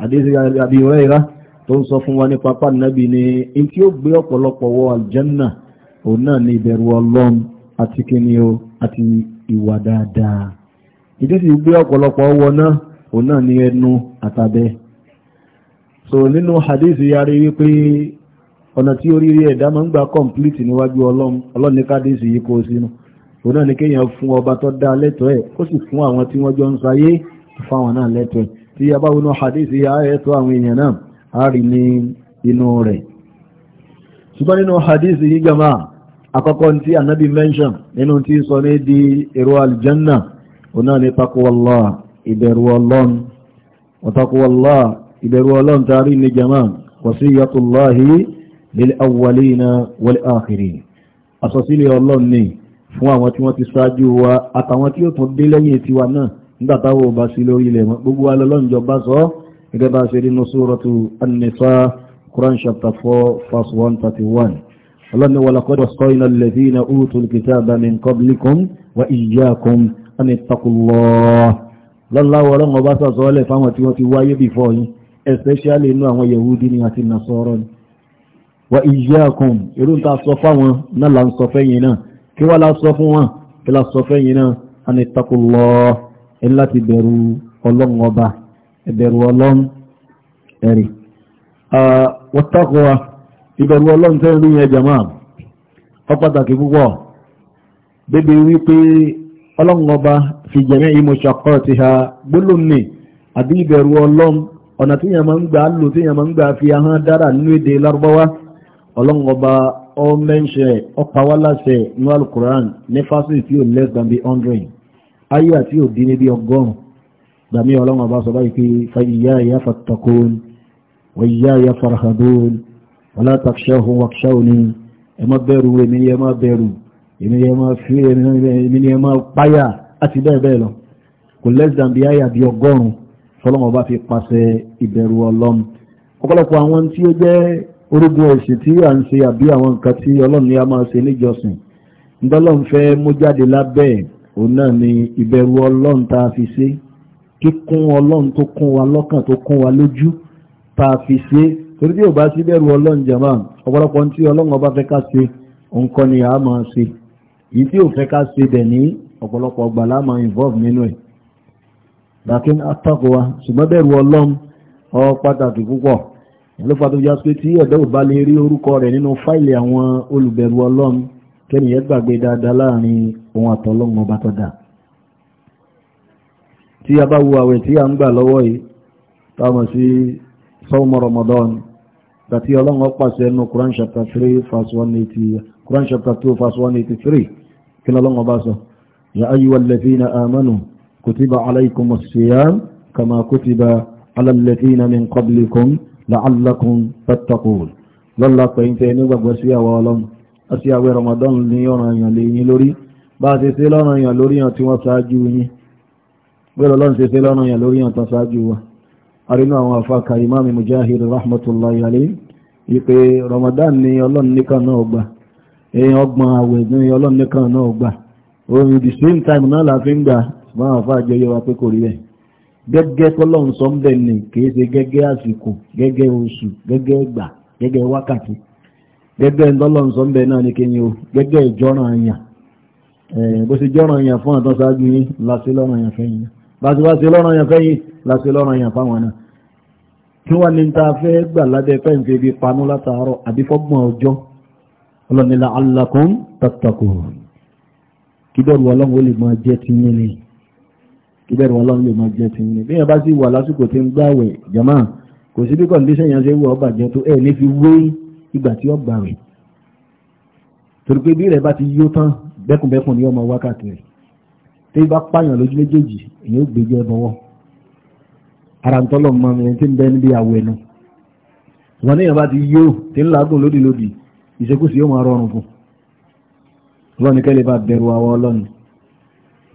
hadithi Abi Hurairah tó ń sọ fún wa nípa pàdánàbì ni in tí ó gbé ọ̀pọ̀lọpọ̀ wọ aljanna òun náà ni ìbẹ̀rù ọlọ́run àti kíni o àti ìwà dáadáa ìdí sì gbé ọ̀pọ̀lọpọ̀ wọ náà òun náà ni ẹnu àtàbẹ́ so nínú hadith yari wípé ọ̀nà tí oríire ẹ̀dá máa ń gba complete níwájú ọlọ́run ní kádìsì yìí kó sínú òun náà ni kéèyàn fún ọba tó dá lẹ́tọ̀ọ́ ẹ̀ ó sì fún àwọn tí wọ́n jọ ń sayé fáwọn náà lẹ́tọ̀ọ́ ẹ̀ tí a bá hadith yà á ẹ̀tọ́ àwọn èèyàn náà àárí inú rẹ̀ ṣùgbọ́n nínú hadith yìí gama àkọ́kọ́ tí anabi mention nínú tí sọ ní di èrò aljanna ọ̀nà ní takwallá ìbẹ̀rù ọlọ́run ọ̀takwallá ìbẹ̀rù ní jama wàsíyàtùláhì lil awwalina na akhirin asọ̀sílẹ̀ ọlọ́run ni fún àwọn tí wọ́n ti ṣáájú wa àtàwọn tí ó tún dé lẹ́yìn tiwa náà nígbàtàwọ̀ bá sí lórí ilẹ̀ gbogbo alọ́lọ́njọba gẹ́gẹ́ bá ṣe rí nusúrọ̀tù an-nisa quran chapter four verse one thirty one ọlọ́ni walaqad waṣṣayna alladhina utul kitaba min qablikum wa iyyakum an ittaqullah lọ́láwọ́ ọlọ́run ọba sọ̀sọ́ọ́lẹ̀ fáwọn tí wọ́n ti wáyé before yín especially inú àwọn yahudi ni àti nasọ́rọ̀ wa la ń sọ fẹ́yìn náà la sọ fún wọn kí la sọ fẹ́yìn náà an ẹ̀bẹ̀rù ọlọ́run ẹ̀rì wọ́tọ́kọ̀wá ìbẹ̀rù ọlọ́run tẹ́ rí yẹn jàmá ọ pataki púpọ̀ bébè wípé ọlọ́run ọba fi jẹ̀mẹ́ ìmọ̀ṣàkọ́ ti ha gbólómi àbí ìbẹ̀rù ọlọ́run ọ̀nà tí yẹn máa ń gbà lò tí ọba ọ ọ 100 ati gbàmí ọlọ́run ọba sọ báyìí pé fa iyaya fattaqun wa iyaya farhabun wala takshawhum wakshawni ẹ má bẹ̀rù èmi ni ẹ má bẹ̀rù èmi ni ẹ má fi èmi ni ẹ má páyà àti bẹ́ẹ̀ bẹ́ẹ̀ lọ kò less than bí àyà bí ọgọ́rùn-ún fọlọ́run ọba fi pàṣẹ ìbẹ̀rù ọlọ́run ọ̀pọ̀lọpọ̀ àwọn tí ó jẹ́ orúgun ẹ̀sìn tí à ń ṣe àbí àwọn nǹkan tí ọlọ́run ni a máa ṣe níjọsìn ńdọ́lọ́run fẹ́ mú jáde lábẹ́ òun náà ni ìbẹ̀rù ọlọ́run tá a fi ṣe é kíkún ọlọ́run tó kún wa lọ́kàn tó kún wa lójú tá a fi ṣe torí bí ò bá sí bẹ̀rù ọlọ́run jàmá ọ̀pọ̀lọpọ̀ tí ọlọ́run ọba fẹ́ ká ṣe nǹkan ni a máa ṣe èyí tí ò fẹ́ ká ṣe dẹ̀ ní ọ̀pọ̀lọpọ̀ ọgbà la máa involve nínú ẹ̀ lakin atakowa ṣùgbọ́n bẹ̀rù ọlọ́run ọ pàtàkì gbàgbé dáadáa láàrin ohun àtọ́lọ́run ọba tó tí a bá wo àwẹ̀ tí a ń gbà lọ́wọ́ yìí táwọn sí sọ́ọ̀mù Ramadan àti ọlọ́run ọpàṣẹ ẹnu Quran chapter three verse one eighty Quran chapter two verse one eighty three kí lọ́lọ́run ọba sọ. ya ayyuhal ladhina amanu kutiba alaykumus siyam kama kutiba ala alladhina min qablikum la'allakum tattaqun lọ́la pẹ̀yìntẹ́ nígbàgbọ́ sí àwọn ọlọ́run àti àwẹ̀ Ramadan ní ọ̀ràn àyàn lè yín lórí bá a ti ṣe lọ́ràn àyàn lórí hàn tí wọ́n ṣáájú yín bẹ́ẹ̀ ọlọ́run ṣe ṣe lọ́rùn ya lórí wa arínú àwọn afáka imáàmì mujahid rahmatullahi alayhi ìpè ramadan ni ọlọ́run nìkan náà gbà ọgbọ̀n àwẹ̀ ní ọlọ́run nìkan náà gbà the same time náà gbà máa wa pé kò rí ẹ̀ gẹ́gẹ́ ni kì ṣe gẹ́gẹ́ àsìkò gẹ́gẹ́ oṣù gẹ́gẹ́ ìgbà gẹ́gẹ́ wákàtí gẹ́gẹ́ tọ́lọ́run sọ náà ni kí o gẹ́gẹ́ ìjọ́ràn àyàn bó ṣe jọ́ràn àyàn fún àtọ́sáájú yín láti wá sí lọ́rọ̀ yẹn fẹ́yìn láti lọ́rọ̀ yẹn fáwọn náà kí wọ́n ní ta fẹ́ gbà lábẹ́ fẹ́ǹfẹ́ bí panú látàárọ̀ àbí fọ́gbọ̀n ọjọ́ ọlọ́ni la'allakum tattaqun kí bẹ̀rù ọlọ́run ó lè máa jẹ́ ti yín ni kí bẹ̀rù ọlọ́run lè máa jẹ́ ti yín ni bí yẹn bá sì bẹ́kùnbẹ́kùn ni ọmọ wákàtí rẹ̀ tí bá pààyàn lójú méjèèjì èyí ó gbèjọ ẹbọwọ́ ara ń tọ́lọ̀ mọ́ mi tí ń bẹ níbi àwọ̀ ẹnu wọn ní ìyàbá ti yíò tí ń làágùn lódì lódì ìṣekúsí yóò máa rọrùn fún lọ́nà kẹ́lẹ́ bá bẹ̀rù àwọn ọlọ́run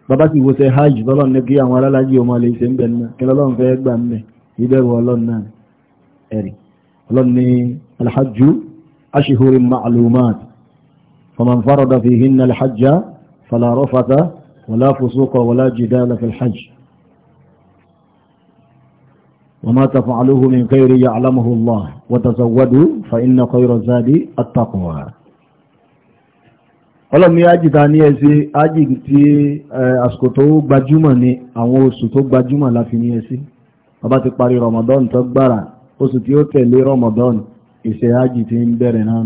bàbá sì wọ́sẹ̀ hajj lọ́lọ́run ní kí àwọn alálàájì ọmọ lè ṣe ń bẹ̀ náà kí lọ́lọ́run fẹ́ gbà mẹ́ ìbẹ̀rù ọlọ́run náà ẹ̀rì ọlọ́run ní ولا فسوق ولا جدال في الحج وما تفعله من خير يعلمه الله وتزودوا فإن خير الزاد التقوى ọlọ́mí ájì ta ní ẹsẹ́ ájì tí àsìkò tó gbajúmọ̀ ní àwọn oṣù tó gbajúmọ̀ láfi ní ẹsẹ́ ọba ti parí Ramadan tó gbára oṣù tí ó tẹ̀lé Ramadan ìṣẹ́ ájì tí ń bẹ̀rẹ̀ náà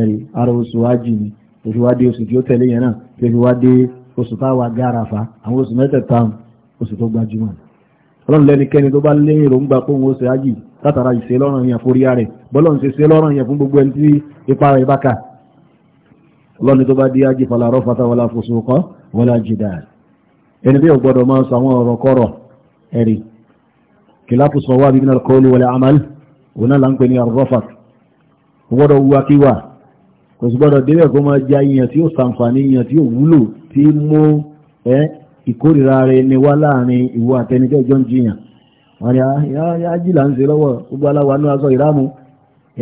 ẹ̀rí ara oṣù ájì ni òṣùwádé oṣù tí ó tẹ̀lé yẹn náà oṣù táwà gárafa àwọn oṣù mẹ́tẹ̀ẹ̀ta oṣù tó gbajúmọ̀ ọlọ́run lẹ́nikẹ́ni tó bá lé èròǹgbà pé òun ó ṣe ájì látara ìṣe lọ́rùn yẹn forí rẹ̀ bọ́lọ́run ṣe ṣe lọ́rùn yẹn fún gbogbo ẹni tí ipa rẹ̀ bá kà ọlọ́run tó bá di ájì fala rafata wala fusuqa wala jidal ẹni bí ọgbọ́dọ̀ máa sọ àwọn ọ̀rọ̀ kọ́rọ̀ ẹ̀rí kìláàpù wá bíbí náà kọ́ọ̀lù wala amal òun náà là ń pè ọgbọ́dọ̀ wúwa kíwà kò sì gbọ́dọ̀ débẹ̀ kó máa jẹ iyàn tí ó sàǹfààní iyàn tí ó wúlò tí mú ẹ ìkórìíra rẹ ni wá láàrin ìwọ àtẹnijọ́ ìjọ ń jiyàn wọ́n ni ah, ajílà ń ṣe lọ́wọ́ gbogbo aláwa ní aṣọ ìrámù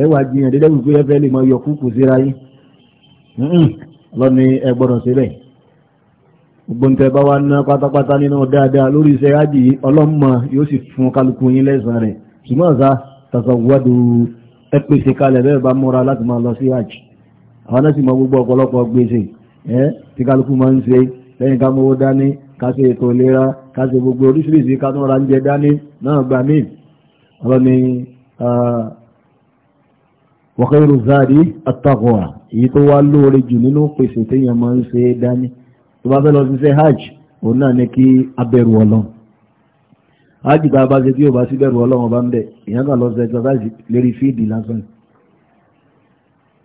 ẹwà jiyàn dédé wípé ẹ fẹ́ lè máa yọ kúkú síra yín lọ́ni ẹ gbọ́dọ̀ ṣe bẹ́ẹ̀ gbogbo ń tẹ bá wá ná pátápátá nínú dáadáa lórí iṣẹ́ àwọn náà sì mọ gbogbo ọ̀pọ̀lọpọ̀ gbèsè ẹ́ tí kálukú máa ń ṣe lẹ́yìn ká mówó dání ká ṣe ètò ìlera ká ṣe gbogbo oríṣiríṣi ká tún ra ń jẹ dání náà gbà míì ọlọ́ni wọ̀kẹ́rù záàrí àtàkùnwà èyí tó wá lóore jù nínú pèsè téèyàn máa ń ṣe dání tó bá fẹ́ lọ sí ṣe hajj òun náà ní kí abẹ̀rù ọlọ́run hajj bá bá ṣe tí yóò bá sí bẹ̀rù ọlọ́run ọba ń bẹ̀ èèyàn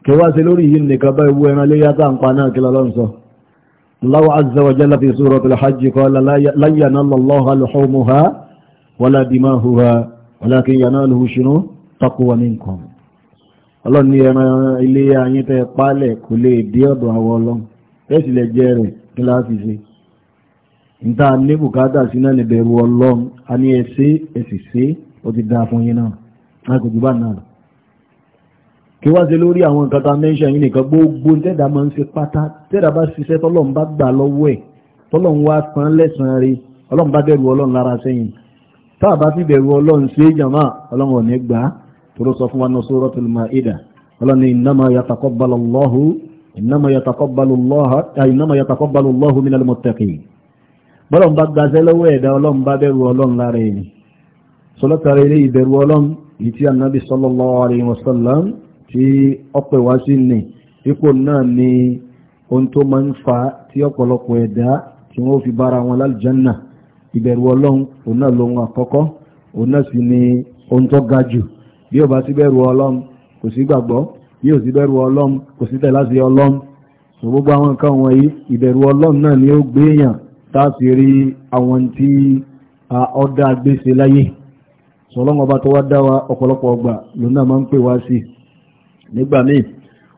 kẹwàá sí lórí yìí nìkan bá ìwú ẹran lé yátà ń pa náà kí lọ́lọ́n sọ Allahu azza wa jalla fi suratul hajj qala lan yanala Allaha luhumuha wala dimahuha walakin yanaluhu shinu taqwa minkum ọlọ́run ní ẹran ilé ayé tẹ pálẹ̀ kò lè dé ọ̀dọ̀ kí wá sí lórí àwọn nǹkan ta mẹ́ṣẹ́ yìí nìkan gbogbo tẹ́dà máa ń ṣe pátá tẹ́dà bá ṣiṣẹ́ tọ́lọ́n bá gbà lọ́wọ́ ẹ̀ tọ́lọ́n wá san lẹ́sàn rí ọlọ́n bá bẹ̀rù ọlọ́n lára sẹ́yìn táà bá sì bẹ̀rù ọlọ́n ṣe jàmá ọlọ́n ò ní gbà tóró sọ fún wa ní Suratul Maida ọlọ́n ní innama yataqabbalu Allahu innama ọlọ́n ìtí annabi sallallahu alayhi wa sallam tí ọpẹ wá sí ní ipò náà ni ohun tó máa ń fa tí ọ̀pọ̀lọpọ̀ ẹ̀dá tí wọ́n fi bára wọn lálùjánà ìbẹ̀rù ọlọ́run òun náà lóhun àkọ́kọ́ òun náà sì ni ohun tó ga jù bí ó bá sí bẹ̀rù ọlọ́run kò sí gbàgbọ́ bí ó sí bẹ̀rù ọlọ́run kò sí tẹ̀láṣẹ ọlọ́run sọ gbogbo àwọn nǹkan wọ̀nyí ìbẹ̀rù ọlọ́run náà ni ó gbéyàn táàsì rí àwọn tí ọdá gbèsè láyé sọlọ́ngọba tó wá dá wa ọ̀pọ̀lọpọ̀ ọgbà lòun náà máa ń pè wá sí i nígbà míì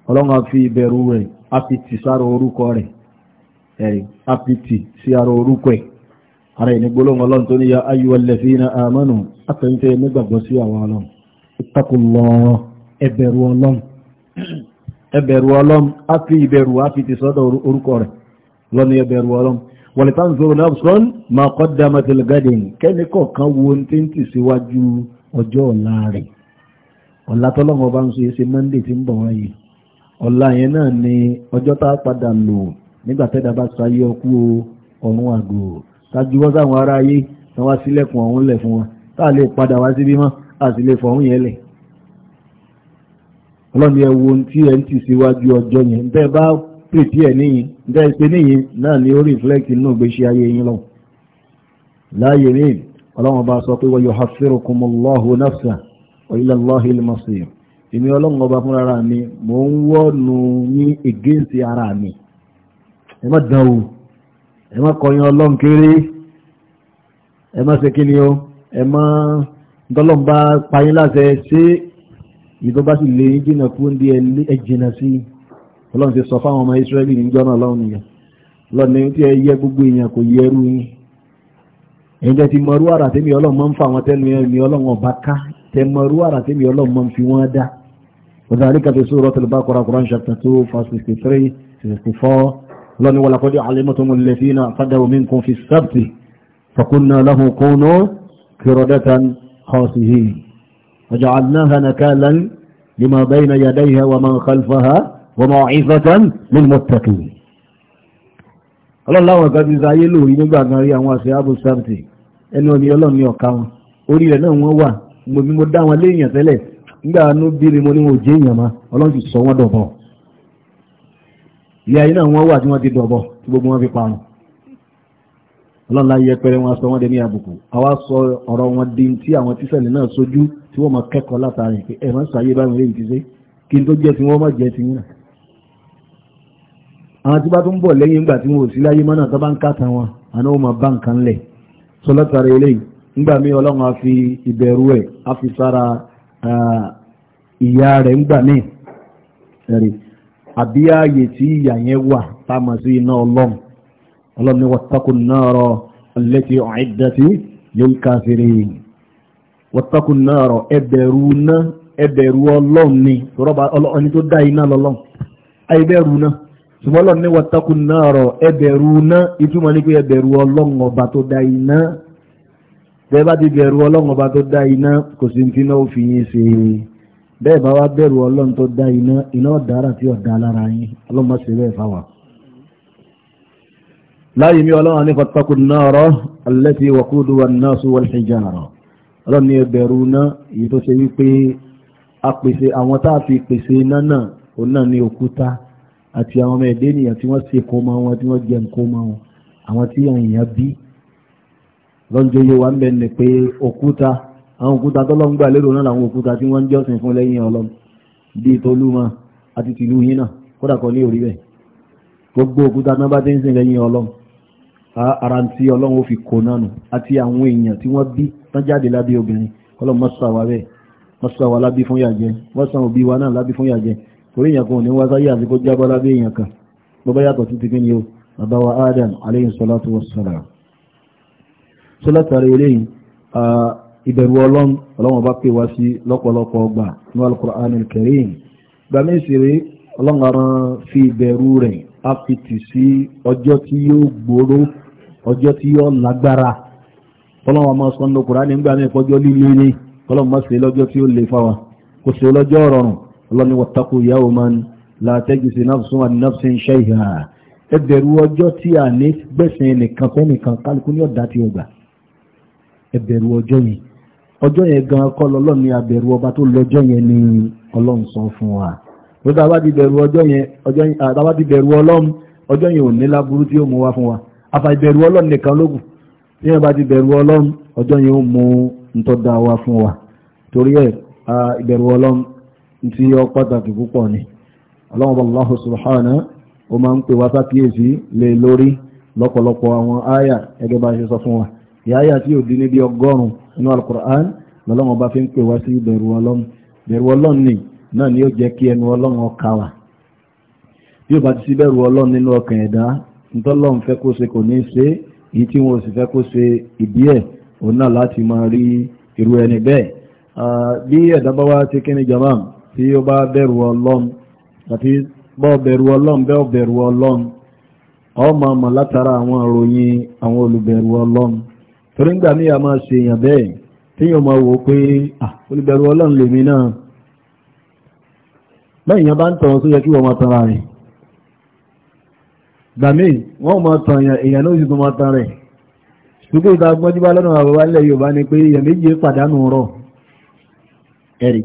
ọlọ́run á fi ìbẹ̀rù rẹ̀ á fi tì sára orúkọ rẹ̀ ẹ̀rí á sí ara orúkọ ẹ̀ ara ẹ̀ ní gbólóhùn ọlọ́run tó ní ya ayyuhal ladhina amanu àtẹ̀yìntẹ̀ nígbàgbọ́ sí àwọn ọlọ́run ittaqullah ẹ bẹ̀rù ọlọ́run ẹ bẹ̀rù ọlọ́run á fi ìbẹ̀rù á fi tì sọ́dọ̀ orúkọ rẹ̀ lọ́nà ẹ bẹ̀rù ọlọ́run wọ̀lẹ̀tánzòrò náfṣọ́n ma kọ́ dámatilgadin kẹ́nìkọ̀ọ̀kan wo tí ń tì síwájú ọjọ́ ọ̀la rẹ̀ ọ̀la tọ́lọ́wọ́ bá ń so ṣe monday tí ń bọ̀ wáyé ọ̀la yẹn náà ni ọjọ́ tá a padà lò nígbà tẹ́dá bá sáyé ọkú ọ̀run àgò ṣáájú wọ́n sáwọn ará ayé tí wọ́n sílẹ̀kùn ọ̀hún lẹ̀ fún wọn tá a lè padà wá síbí mọ́ a sì lè fọ̀hún yẹn lẹ̀ ọlọ́ni ẹ wo tí ẹ ń tì síwájú ọjọ́ yẹn ń tẹ́ bá pètí ẹ̀ níyìn ń tẹ́ ṣe níyìn náà ni ó rìflẹ́kì nínú ìgbésí ayé yín lọ láàyè míì ọlọ́run bá sọ pé wa yuhaffirukumullahu nafsa ọ̀yílẹ̀lọ́hì lọ́sìn èmi ọlọ́run ọba fúnra ara mi mò ń wọ́nu ní ègéǹsì ara mi ẹ má dán o ẹ má kọyìn ọlọ́run kéré ẹ má ṣe kí ni o ẹ má dọ́lọ́n bá payín láṣẹ ṣé ìtọ́ bá sì lè jìnà kú ní ẹ jìnà sí ọlọ́run ti sọ fáwọn ọmọ Ísírẹ́lì níjọ́ náà ọlọ́run ti mọ̀rú àrà ọlọ́run máa ń fa àwọn tẹ́nu ẹ̀mí ọlọ́run ọba ká tẹmọrú ara tẹ́mi ọlọ́run máa ń fi wọ́n dá وذلك في سورة البقرة قرآن شابتر 2 فاس 63 64 لأنه ولقد علمتم الذين اعتدوا منكم في السبت فقلنا له كونوا كردة خاسئين وجعلناها نكالا لما بين يديها ومن خلفها وموعظة للمتقين ọlọ́láwọ̀ kan ti sáyé lórí nígbà kan rí àwọn àṣẹ àbùsáàtì ẹni omi ọlọ́ni ọ̀ka wọn orí rẹ̀ náà wọ́n wà mo bí mo dá wọn léèyàn tẹ́lẹ̀ nígbà anú bí ni mo ní wọn ò jẹ́ èèyàn mọ́ ọlọ́run ti sọ wọ́n dọ̀bọ̀ ìyá iná wọn wà tí wọ́n ti dọ̀bọ̀ tí gbogbo wọn fi parun pẹrẹ wọn sọ wọ́n dé ní àbùkù àwa sọ ọ̀rọ̀ wọn di tí àwọn tíṣẹ̀lẹ̀ náà sojú tí wọ́n kẹ́kọ̀ọ́ pé ẹ̀rọ ti ṣe kí n tó jẹ́ tí wọ́n má jẹ́ ti yín àwọn tí bá tún bọ̀ lẹ́yìn ìgbà tí ò sí láyé mọ́nà tó bá ń kàtà wọn àná máa bá nǹkan ńgbà mí ọlọ́run a fi ìbẹ̀rù ẹ̀ a fi sára ìyá rẹ̀ ńgbà mí ẹ̀rì àbí ààyè tí ìyà yẹn wà tá a mọ̀ sí iná ọlọ́run ọlọ́run ni wattaqun nara allati u'iddat lil kafirin wattaqun nara ẹbẹ̀rù náà ẹbẹ̀rù ọlọ́run ni rọ́bà ọlọ́run tó dá iná lọ́lọ́run àìbẹ̀rù náà ṣùgbọ́n ọlọ́run ni wattaqun nara ẹbẹ̀rù náà ìtumọ̀ ní pé ẹbẹ̀rù ọlọ́run ọba tó dá iná bẹ́ẹ̀ bá ti bẹ̀rù ọlọ́run ọba tó dá iná kò sí ti náà fi yín ṣe bẹ́ẹ̀ bá wá bẹ̀rù ọlọ́run tó dá iná iná ọ̀dára tí ọ̀dá lára yín ọlọ́run máa ṣe bẹ́ẹ̀ fáwà. láyé mi ọlọ́run ní fatakù náàrọ̀ allati waquduha an-nasu wal-hijara ọlọ́run ní ẹbẹ̀rù náà èyí tó ṣe wípé apèsè àwọn tá a fi pèsè iná náà òun náà ní òkúta àti àwọn ọmọ ẹ̀dẹ́ nìyà tí wọ́n ṣe kó máa wọn tí wọ́n jẹun kó máa wọn àwọn tí àyàn bí lọ́njọ́ yóò wá ń bẹ̀ ní pé òkúta àwọn òkúta tó lọ́ngbà lérò náà àwọn òkúta tí wọ́n ń jọ́sìn fún lẹ́yìn ọlọ́m bí tolúmọ àti tìlú yín náà kódà kọ́ ní orí bẹ̀ gbogbo òkúta náà bá ti ń sìn lẹ́yìn ọlọ́m ara tí ọlọ́run fi kó náà àti àwọn èèyàn tí wọ́n bí tán jáde lábẹ́ obìnrin ọlọ́run mọ́sàwá bẹ́ẹ̀ mọ́sàwá lábí fún yàjẹ́ mọ́sàn òbí wa náà lábí fún yàjẹ́ torí èèyàn kan ò ní wá sáyé àti kó jábọ́ tó látàrí eléyìí ìbẹ̀rù ọlọ́run ọlọ́run bá pè wá sí lọ́pọ̀lọpọ̀ ọgbà ní Al-Qur'an al-Karim gbàmí ìṣeré ọlọ́run aran fi ìbẹ̀rù rẹ̀ á fi tì sí ọjọ́ tí yóò gbòòrò ọjọ́ tí yóò lágbára ọlọ́run àmọ́ sọ ní Qur'an nígbà mí ìfọjọ́ líle ní ni wattaqu yawman la tajzi nafsun an nafsin shay'a ẹbẹ̀rù ọjọ́ tí a ní gbẹ̀sìn nìkan fẹ́ nìkan kálukú ní ọ̀dà tí ó gbà ẹbẹ̀rù ọjọ́ yẹn ọjọ́ yẹn gan kọ́ lọ́lọ́run ní abẹ̀rù ọba tó lọ́jọ́ yẹn ni ọlọ́run sọ fún wa tó bá bẹ̀rù ọjọ́ yẹn ti o ọlọ́run ọjọ́ yẹn ò ní láburú tí ó mú fún wa Afa ìbẹ̀rù ọlọ́run nìkan tí bá bẹ̀rù ọlọ́run ọjọ́ yẹn ó mú wa fún wa torí ẹ̀ ìbẹ̀rù ọlọ́run púpọ̀ ni ọlọ́run yáyà tí ò dín ní bí ọgọ́rùn-ún inú alukur'an lọ́lọ́wọ́n bá fi ń pè wá sí bẹ̀rù ọlọ́run bẹ̀rù ọlọ́run ni náà ni ó jẹ́ kí ẹnu ọlọ́run ọkà wà bí ó bá ti sí bẹ̀rù ọlọ́run nínú ọkàn ẹ̀dá ntọ́lọ́run fẹ́ kó ṣe kò ní ṣe èyí tí wọn ò sì fẹ́ kó ṣe ìdí ẹ̀ òun náà láti máa rí irú ẹni bẹ́ẹ̀ bí ẹ̀dá bá wá ti jama tí ó bá bẹ̀rù ọlọ́run bẹ́ẹ̀ bẹ̀rù ọlọ́run ọ máa mọ̀ látara àwọn ìròyìn àwọn olùbẹ̀rù ọlọ́run torí ń gbà mí a máa ṣe èèyàn bẹ́ẹ̀ téèyàn máa wò pé olùbẹ̀rù ah, ọlọ́run lèmi náà lẹ́yìn bá ń tọ̀rọ̀ tó yẹ kí wọ́n máa tanra rẹ̀ gbà mí wọ́n máa tàn èèyàn náà sì tún máa tan rẹ̀ ṣùgbọ́n ìta gbọ́njú bá lọ́nà àbúrò alẹ́ Yorùbá ni pé èèyàn méjì pàdánù rọ̀ ẹ̀rì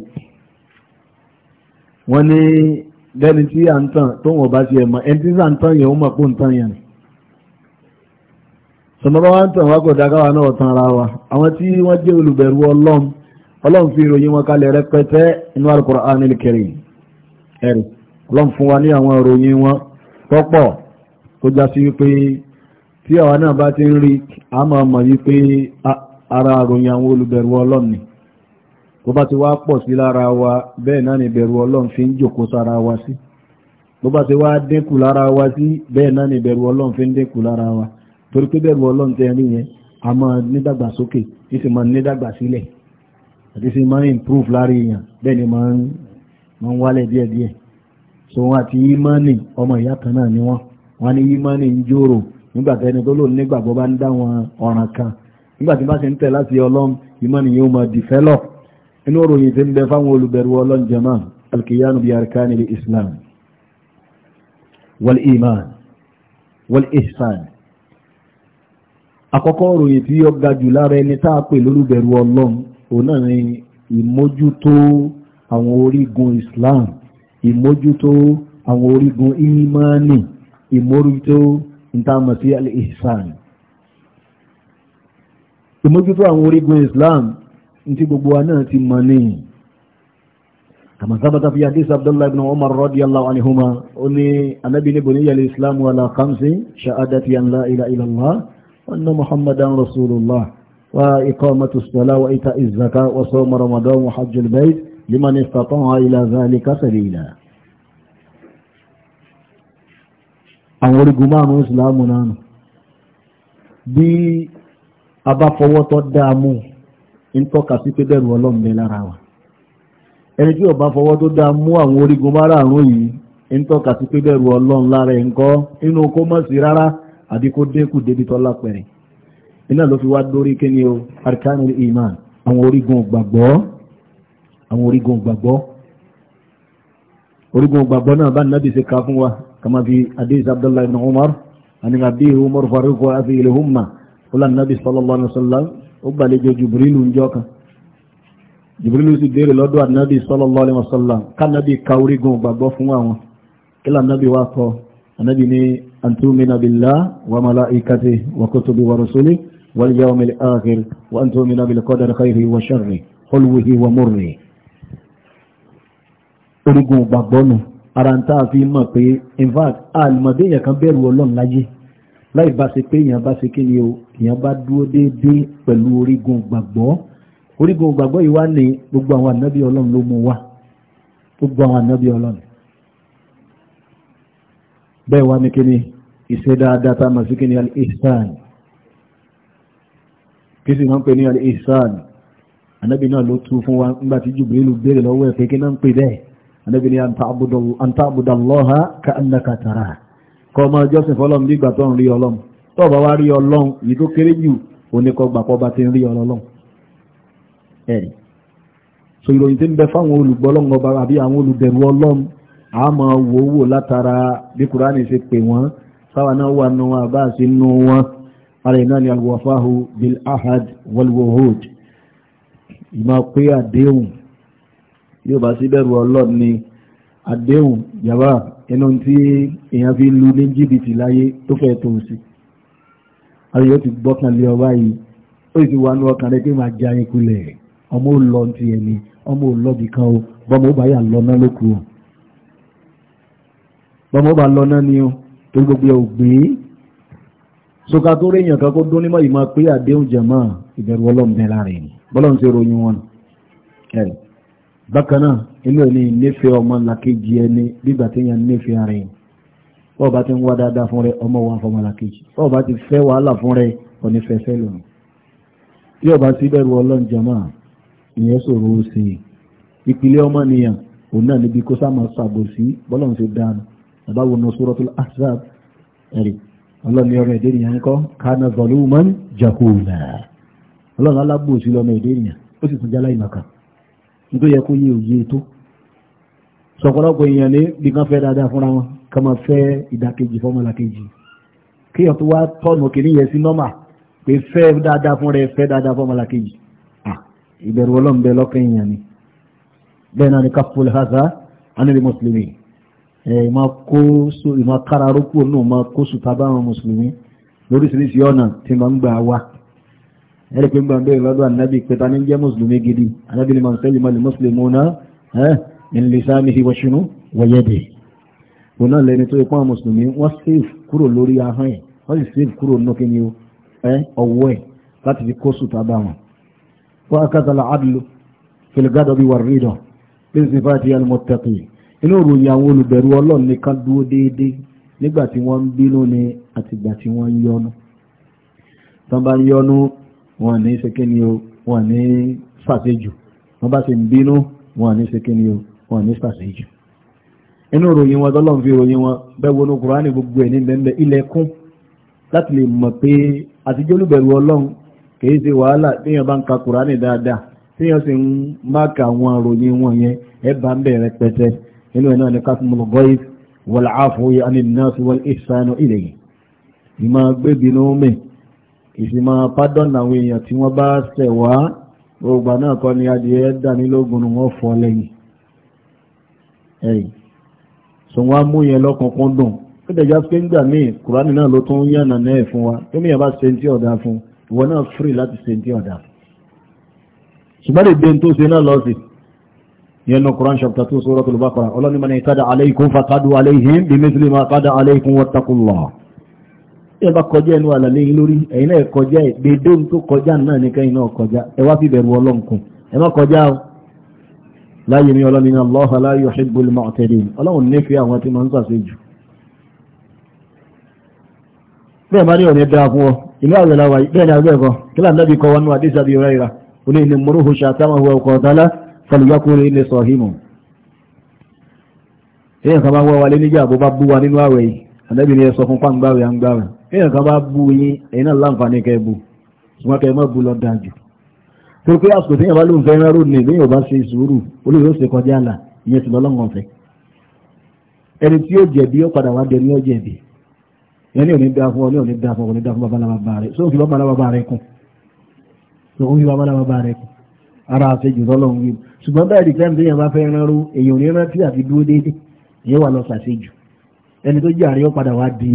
wọ́n ní lẹ́ni tí à ń tàn tó wọ́n bá ti ẹ̀ mọ́ ẹni tí sà ń tàn yẹn ó mọ̀ pé ń tàn yẹn sọmọba wa ń tàn wá kò dágáwà náà tàn ara wa àwọn tí wọ́n jẹ́ olùbẹ̀rù ọlọ́m ọlọ́m fi ìròyìn wọn kalẹ̀ rẹpẹtẹ inú Al-Qur'anil Karim ẹ̀rì ọlọ́m fún wa ní àwọn ìròyìn wọn tọ́pọ̀ tó a máa mọ̀ ara ìròyìn àwọn olùbẹ̀rù ọlọ́m ni bá pọ̀ wa bẹ́ẹ̀ náà ni ìbẹ̀rù ọlọ́m wa sí bá ti wa sí bẹ́ẹ̀ náà ni ìbẹ̀rù ọlọ́m wa sí torí pé bẹ̀rù ọlọ́run tẹ́ rí yẹn a máa nídàgbà sókè tí sì máa nídàgbà sílẹ̀ àti sì máa ń improve lára èèyàn bẹ́ẹ̀ ni máa ń wálẹ̀ díẹ̀díẹ̀ so wọn àti imani ọmọ ìyá kan náà ni wọn wọn ní imani ń jòrò nígbàtí ẹni tó lòun nígbàgbọ́ bá ń dá wọn ọ̀ràn kan nígbàtí bá ṣe ń tẹ̀ láti ọlọ́run imani yóò máa develop inú òròyìn tí ń bẹ fáwọn olùbẹ̀rù ọlọ́run jama alkiyanu bi arkani li islam wal iman wal ihsan àkọ́kọ́ ròyìn tí ó ga jù lára ẹni tá a pè lólùbẹ̀rù ọlọ́run òun náà ni ìmójútó àwọn orígun Islam ìmójútó àwọn orígun imani ìmójútó ìtàmọ̀ sí al-ihsan ìmójútó àwọn orígun Islam tí gbogbo wa náà ti mọ̀ ní kama sabata fi hadith abdullahi ibn umar radiyallahu anhuma ó ní anábìnibò níyàlẹ̀ Islam wala khamsi shahadati an la ilaha أن محمدا رسول الله وإقامة الصلاة وإيتاء الزكاة وصوم رمضان وحج البيت لمن استطاع إلى ذلك سبيلا àwọn orígun ìsìláàmù náà bí a bá fọwọ́ tọ́ dáamú ń tọ́ka sí pé bẹ̀rù wa ẹni tí ó bá fọwọ́ tó àwọn yìí ń tọ́ka sí pé bẹ̀rù lára àbí kó dẹ́kù débi tọ́lá pẹ̀rẹ̀ iná ló fi wá dórí kí ni o arkanul iman àwọn orígun gbàgbọ́ àwọn orígun gbàgbọ́ orígun gbàgbọ́ náà bá nàbì sí ká fún wa kama fi adéz abdullahi ibn umar àni àbí umar faruku àfi ilé humma nàbì sallallahu alaihi wasallam ó gbàlejò jibrilu ń jọ kan jibrilu sì béèrè lọ́dọ̀ ànábì sallallahu alaihi wasallam ká nàbì ka orígun gbàgbọ́ fún àwọn kí lànàbì wá kọ ànábì ní أن تؤمن بالله وملائكته وكتبه ورسله واليوم الآخر وأن تؤمن بالقدر خيره وشره حلوه ومره orígun gbàgbọ́nù ara ń tàà fi mọ̀ pé in fact alìmọ̀dé èèyàn kan bẹ̀rù ọlọ́run láyé láì bá ṣe pé èèyàn bá ṣe kí ni o èèyàn bá dúró déédéé pẹ̀lú orígun gbàgbọ́ orígun gbàgbọ́ yìí wá ní gbogbo àwọn ànábì ọlọ́run ló mú wá gbogbo àwọn ànábì ọlọ́run bẹ́ẹ̀ wá ní kí ni ìṣe dáadáa tá a mọ̀ sí kí ni al-ihsan kí sì máa ń pè ní al-ihsan anábì náà ló tú fún wa nígbà tí Jibrilu béèrè lọ́wọ́ ẹ̀ pé kí náà ń pè bẹ́ẹ̀ anábì ní an ta'buda Allaha ka'annaka tarahu kọ́ ọmọ jọ́sìn fọlọ́m nígbà tó rí ọlọ́m tó bá wá so ìròyìn tí ń bẹ fáwọn olùgbọ́lọ́ngọ bá àbí àwọn olùbẹ̀rù ọlọ́m látara bí kùránì ṣe pè wọ́n sáwà náà wà nù wọn àbá sí nù wọn ara iná ni alwafahu bil ahad walwohod ìmọ̀ pé àdéhùn yóò bá sí bẹ̀rù ọlọ́ọ̀ ni àdéhùn yàrá ẹnu tí èèyàn fi lu ní jìbìtì láyé tó fẹ́ tó sí ara yóò ti gbọ́kànlé ọba yìí ó sì wà nù ọkàn pé máa jẹ ayé ọmọ ò ti ẹni ọmọ ò kan o bọ́mọ bá yà lọ náà lókù tó gbogbo ẹ̀ ò gbé sọ́ka tó réyàn kan kó dún nímọ̀ ìmọ̀ pé àdéhùn jẹ̀mọ́ ìbẹ̀rù ọlọ́mọdé láàrin ni bọ́lọ́n ti ròyìn wọn ẹ̀rì bákan náà inú ẹ̀ ní nífẹ̀ẹ́ ọmọ làkejì ẹni bígbà tí yẹn nífẹ̀ẹ́ ara ẹ̀ bọ́ọ̀ bá ti ń wá dáadáa fún rẹ ọmọ wa fọmọ làkejì bọ́ọ̀ bá ti fẹ́ wàhálà fún rẹ onífẹ́fẹ́ lòun tí ọba sí bẹ̀rù ọlọ́run ìyẹn sọ̀rọ̀ bàbá wo ní suratul ahzab ẹ̀rí ọlọ́ni ọmọ èdè nìyàn kọ́ kana zaluman jahula ọlọ́run alábòsí lọ́mọ èdè nìyàn ó sì tún jálá ìmàkà nítorí yẹ kó yé òye tó sọ̀pọ̀lọpọ̀ èèyàn ní bí kan fẹ́ dáadáa fúnra wọn ká máa fẹ́ ìdàkejì fọ́mọlàkejì kí ọ̀tún wá tọ́nù kìíní yẹn sí nọ́mà pé fẹ́ dáadáa fún rẹ fẹ́ dáadáa fọ́mọlàkejì ìbẹ̀rù ọlọ́run bẹ lọ́kàn èèyàn ni bẹ́ẹ̀ náà ni káfíńlẹ̀ haza anil ìmọ̀ kó so ìmọ̀ kára rókù náà mọ̀ kó sùtà báwọn mùsùlùmí lóríṣiríṣi ọ̀nà tí wọ́n ń gbà wá ẹ̀rẹ́ pé ń gbà ń bẹ̀rẹ̀ lọ́dọ̀ ànábì pẹ̀ta ní jẹ́ mùsùlùmí gidi ànábì ni mọ̀ sẹ́yìn mọ̀lẹ̀ mùsùlùmí náà ẹ́ ìlẹ̀sáàmì ìwọ̀ṣinú wọ̀yẹ́dẹ̀ òun náà lẹni tó ipá mùsùlùmí wọ́n sèf kúrò lórí ahọ́n ẹ̀ wọ́n sì sèf inú ìròyìn àwọn olùbẹ̀rù ọlọ́run nìkan dúró déédéé nígbà tí wọ́n ń bínú ni àtìgbà tí wọ́n ń yọnu tán bá ń yọnu wọn ní ṣeké ni o wọn ní ṣàṣejù wọn bá ti ń bínú wọn ní ṣeké ni o wọn ní ṣàṣejù inú ìròyìn wọn tọ́lọ́run fi ròyìn wọn bẹ́ẹ̀ wọnú kùránì gbogbo ẹ̀ ní bẹ́ẹ̀ ilẹ̀kùn láti lè mọ̀ pé àtijọ́ olùbẹ̀rù ọlọ́run kìí ṣe wàhálà téèyàn bá ń ka kùránì dáadáa téèyàn sì ń máàkì àwọn ìròyìn wọn yẹn ẹ̀ bá ń bẹ̀rẹ̀ pẹ́tẹ́ nínú ẹ̀ náà ni kásìmọ̀lù gọ́ìf wal afu anil nas wal ihsanu ilayhi ìmọ̀ gbébinú mi ìsìmọ̀ pádọ́nà àwọn èèyàn tí wọ́n bá ṣẹ̀ wá gbogbo náà kọ́ ni adìyẹ dánilógún wọn fọ́ lẹ́yìn ẹ̀yìn so wọ́n mú yẹn lọ́kọ̀ọ́kọ́ dùn ó dẹ̀já pé ń gbà míì kùránì náà ló tún yànnà náà fún wa tó mìíràn bá ṣe tí ọ̀dà fún ìwọ náà free láti ṣe tí ọ̀dà ṣùgbọ́n lè gbé tó ṣe náà lọ yẹnu Quran chapter 2 suratul Baqara ọlọ́ni mọ̀ ní ìkádà alaykum faqadu alayhim bí mithli ma qada alaykum wattaqullah ẹ bá kọjá ẹnu àlàlẹ́ yìí lórí ẹ̀yin náà kọjá ẹ̀ gbèdó tó kọjá náà ní kẹ́yìn náà kọjá ẹ wá fi bẹ̀rù ọlọ́nkùn ẹ má kọjá o láyé mi ọlọ́ni náà Allahu la yuhibbul mu'tadin ọlọ́run nífẹ̀ẹ́ àwọn tí máa ń sàṣe jù bẹ́ẹ̀ bẹ́ẹ̀ fọlùyọ́kùnrin ilé sọ̀hímù èèyàn kan bá wọ́ wálé níjà bó bá bú wa nínú àwẹ̀ yìí ànábì ni ẹ sọ fún pàǹgbàwẹ̀ àǹgbàwẹ̀ èèyàn kan bá bú yín ẹ̀yin náà láǹfààní kẹ́ bú ṣùgbọ́n kẹ́ mọ́ bú lọ dáa jù tó pé àsìkò téèyàn bá lóun fẹ́ rán ròdì ní yóò bá ṣe sùúrù olóyè ó ṣe kọjá àlà ìyẹn sì lọ́lọ́ngàn fẹ́ ẹni tí ó jẹ̀bi ó padà wá dẹni ó jẹ̀bi ẹni ò ní dá fún ọ ní ò ní dá fún ọ ní dá fún babalábàbà rẹ sóòfin babalábàbà rẹ kù sóòfin babalábàbà rẹ kù ara àṣejù lọ́lọ́run yìí ṣùgbọ́n báyìí di time téèyàn bá fẹ́ ránró èèyàn ní rántí àti dúró déédéé ìyẹn wà lọ sàṣejù ẹni tó jẹ́ àríyọ́ padà wá di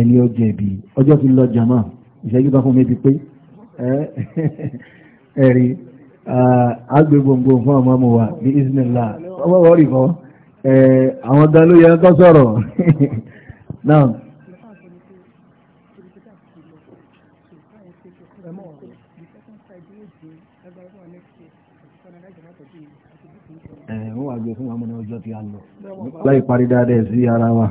ẹni ọjọ́ ẹ̀bì ọjọ́ ti lọ jàmá ìṣẹ́jú bá fún mi ti pé ẹ̀rí agbègbòǹgbò fún ọmọ ọmọ wa ní ismaila ọmọ wọ́ọ̀rì fọ́ àwọn gan ló yẹ kó sọ̀rọ̀ náà. àjọ fún àwọn ọjọ́ tí a lọ. láì parí dáadáa sí ara wa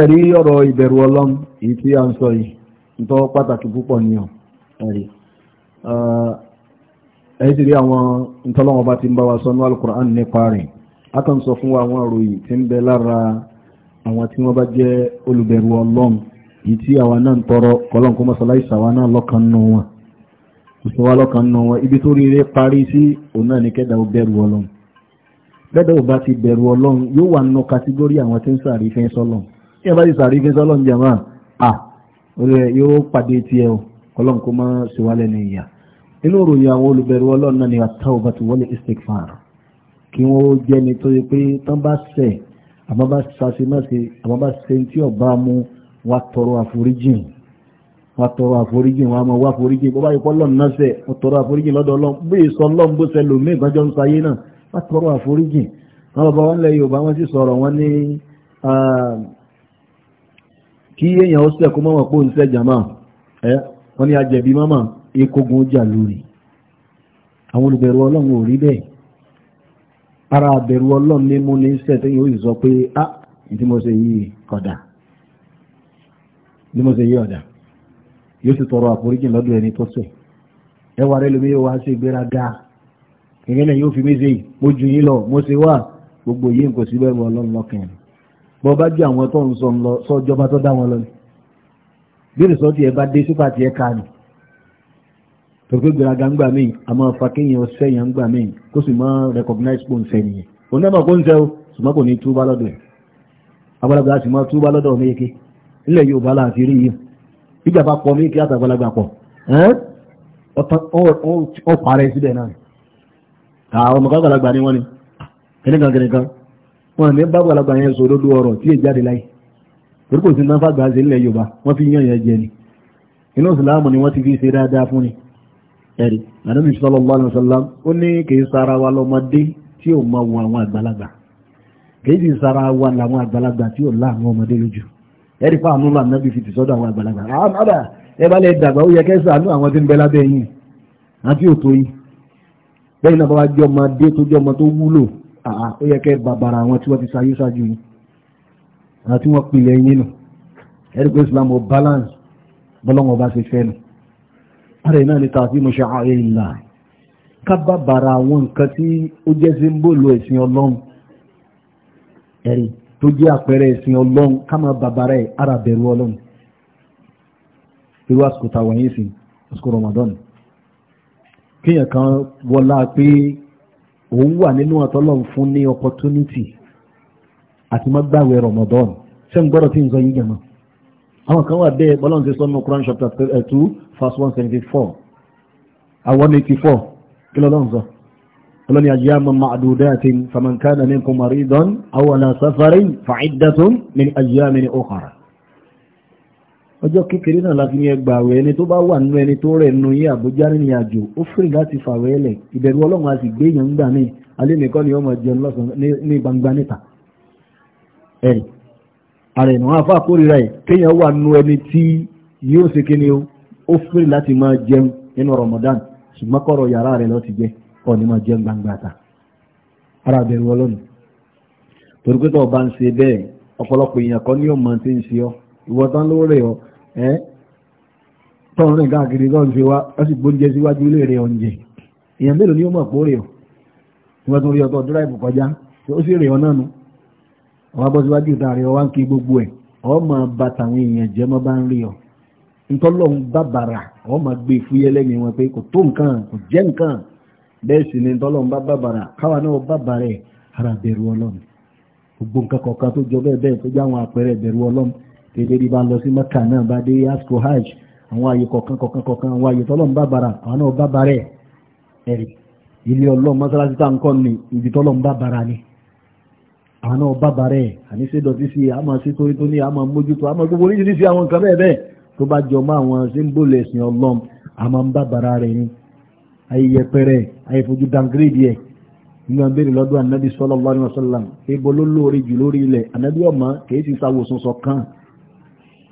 ẹ̀rí ọ̀rọ̀ ìbẹ̀rù ọlọ́m èyí tí a ń sọ yìí ń tọ́ pàtàkì púpọ̀ nìyàn ẹ̀rí ẹ̀yí ti rí àwọn ìtọ́lọ́wọ́ bá ti ń bá wa sọ ní alukur'an nípa rẹ̀ a kàn sọ fún àwọn àròyìn tí ń bẹ lára àwọn tí wọ́n bá jẹ́ olùbẹ̀rù ọlọ́m èyí tí àwa náà ń tọrọ kọlọ́n kó mọ́sálá náà lọ́kàn nù wọn ìsàwá lọ́kàn nù wọn ibi tó rí rí parí sí òun náà ní kẹ́dà ó bẹ̀rù ọlọ́m bẹ́ẹ̀ ò bá ti bẹ̀rù ọlọ́run yóò wà nínú kàtígórí àwọn tí ń sàrí fẹ́ sọ́lọ́n tí ẹ bá ti sàrí fẹ́ sọ́lọ́n jẹ́ máa à rẹ̀ yóò pàdé ti ẹ̀ ọlọ́run kó má ṣe wálẹ̀ ní ìyà inú ìròyìn àwọn olùbẹ̀rù ọlọ́run náà ni at-tawbatu wal istighfar kí wọ́n jẹ́ ni tó yẹ pé tán bá ṣẹ̀ àmọ́ bá ṣàṣe má ṣe àmọ́ bá ṣe tí ọba mú wa tọrọ àforíjìn wa tọrọ àforíjìn wa máa wá àforíjìn bó bá yẹ kọ́ lọ́nà wọ́n tọrọ àforíjì wọ́n bàbá wọ́n sì sọ̀rọ̀ wọn ní kí èèyàn ó mọ́mọ̀ pò ń wọ́n ní ajẹ̀bí mọ́mọ̀ ekogun jà lórí àwọn olùbẹ̀rù Ọlọ́run ara àbẹ̀rù Ọlọ́run ní mú ní sẹ́ yóò sọ pé á ah, tí mo ṣe ni mo ṣe ọ̀dà yóò sì tọrọ àforíjì lọ́dọ̀ ẹni tó sẹ̀ ẹwà rẹ lómi yóò wá sí ìrẹ́lẹ̀ yóò fi méje yìí mo jù yín lọ mo ṣe wá gbogbo yìí kò sí bẹ́ẹ̀ ọlọ́run lọ́kàn rẹ̀ bọ́ bá ju àwọn tó ń sọ lọ sọ́jọba tó dá wọn lọ ni bí ìrìsọ́ tiẹ̀ bá dé sípà tiẹ̀ ká ni tòkè gbèrágà ń gbà mí àmọ́ fakéyàn sẹ́yìn ń gbà mí kó sì mọ́ recognize pò ń nìyẹn òun náà mọ̀ kó ń sẹ́ o ṣùgbọ́n kò ní túbá lọ́dọ̀ ẹ̀ abalagbà sì mọ́ túbá lọ́dọ̀ méjèké ilẹ̀ Yorùbá láti rí yìí ìjàpá pọ̀ mí kí àtàgbàlagbà pọ̀ ọ́ parẹ́ síbẹ̀ náà àwọn ọmọ kọ́gbàlagbà ní wọ́n ni kìnìkan kìnìkan wọ́n ní bágbàlagbà yẹn sọ lódó ọ̀rọ̀ tí è jáde láì torí kò sí náà fàgbà sí ilẹ̀ Yorùbá wọ́n fi yàn yẹn jẹ ni inú ìsìláàmù ni wọ́n ti fi ṣe dáadáa fún ni ẹ̀rí ànábì sallallahu alaihi wasallam ó ní kìí sara wa lọ́mọdé tí ò mọ wo àwọn àgbàlagbà kìí sì sara wa làwọn àgbàlagbà tí lẹ́yìn náà bá wá jọ ọmọ dé tó jọ ọmọ tó wúlò àà ó yẹ kẹ́ bàbàrà àwọn tí wọ́n ti sáyé ṣáájú yìí àti wọ́n pilẹ̀ yín nù ẹ̀ríkọ́ Islam ò balance bọ́lọ́wọ́n bá ṣe fẹ́ nù ara ẹ̀ náà ni tààfin mo ṣe ààrẹ ìlà ká bàbàrà àwọn nǹkan tí ó jẹ́ sí ń bò lo ẹ̀sìn Ọlọ́run ẹ̀rí tó jẹ́ àpẹẹrẹ ẹ̀sìn Ọlọ́run ká máa bàbàrà ẹ̀ ara Ọlọ́run irú àsìkò tàwọn yìí sí àsìkò Ramadan kíyàn kan wọlá pé òun wà nínú àtọ́lọ́run fún ní opportunity àti má gbàwẹ̀ Ramadan ṣé ń gbọ́dọ̀ tí ń sọ yìí jẹ̀mọ́ àwọn kan wà bẹ́ẹ̀ bọ́lọ́n ti sọ nínú Quran chapter two verse one seventy four àwọn eighty four kí lọ́lọ́run sọ ọlọ́ni ayyaman ma'dudatin faman kana minkum maridan aw ala safarin fa'iddatun min ayyamin ukhra ọjọ́ kékeré náà láti ní ẹgbà gbà ẹni tó bá wà nínú ẹni tó rẹ̀ nínú yé àbújá nínú àjò ó fìrì láti fàwẹ̀ ẹlẹ̀ ìbẹ̀rù ọlọ́run a sì gbé èèyàn ń gbà ní alẹ́ nìkan ni ó máa jẹun lọ́sàn ní gbangba níta ẹ̀rì ààrẹ ìnáwó afá kórìíra ẹ̀ kéèyàn wà ẹni tí yóò ṣe kí ni ó ó fìrì láti máa jẹun nínú Ramadan yàrá rẹ̀ lọ ti jẹ ni máa jẹun gbangba ta ara ẹ́ tọ́rin káàkiri tó ń ṣe wá ó sì gbóúnjẹ síwájú ilé rẹ̀ oúnjẹ èèyàn mélòó ni ó mọ̀ pé ó tí wọ́n tún rí ọtọ́ dúráìbù kọjá ó sì rè ọ́ nu ọwọ́ bọ́ síwájú ìta gbogbo ẹ̀ ọ ntọ́lọ́hún bàbàrà ọ́ gbé wọn pé kò tó nǹkan kò jẹ́ nǹkan bẹ́ẹ̀ sì ni ara gẹ́gẹ́ bí bá lọ sí mẹ́kà náà bá dé yasco hajj àwọn ààyè kọ̀ọ̀kan kọ̀ọ̀kan kọ̀ọ̀kan àwọn ààyè tọ́lọ́n bá bara àwọn náà bá bara ẹ̀rì ilé ọlọ́run mọ́sálásí tá ni ibi bara ni àwọn náà bá bara ẹ̀ àní ṣe dọ̀tí sí i àmọ́ sí torí tó ní àmọ́ mójútó àmọ́ gbogbo oríṣiríṣi àwọn nǹkan bẹ́ẹ̀ bẹ́ẹ̀ tó bá jọ mọ́ àwọn ń bara ni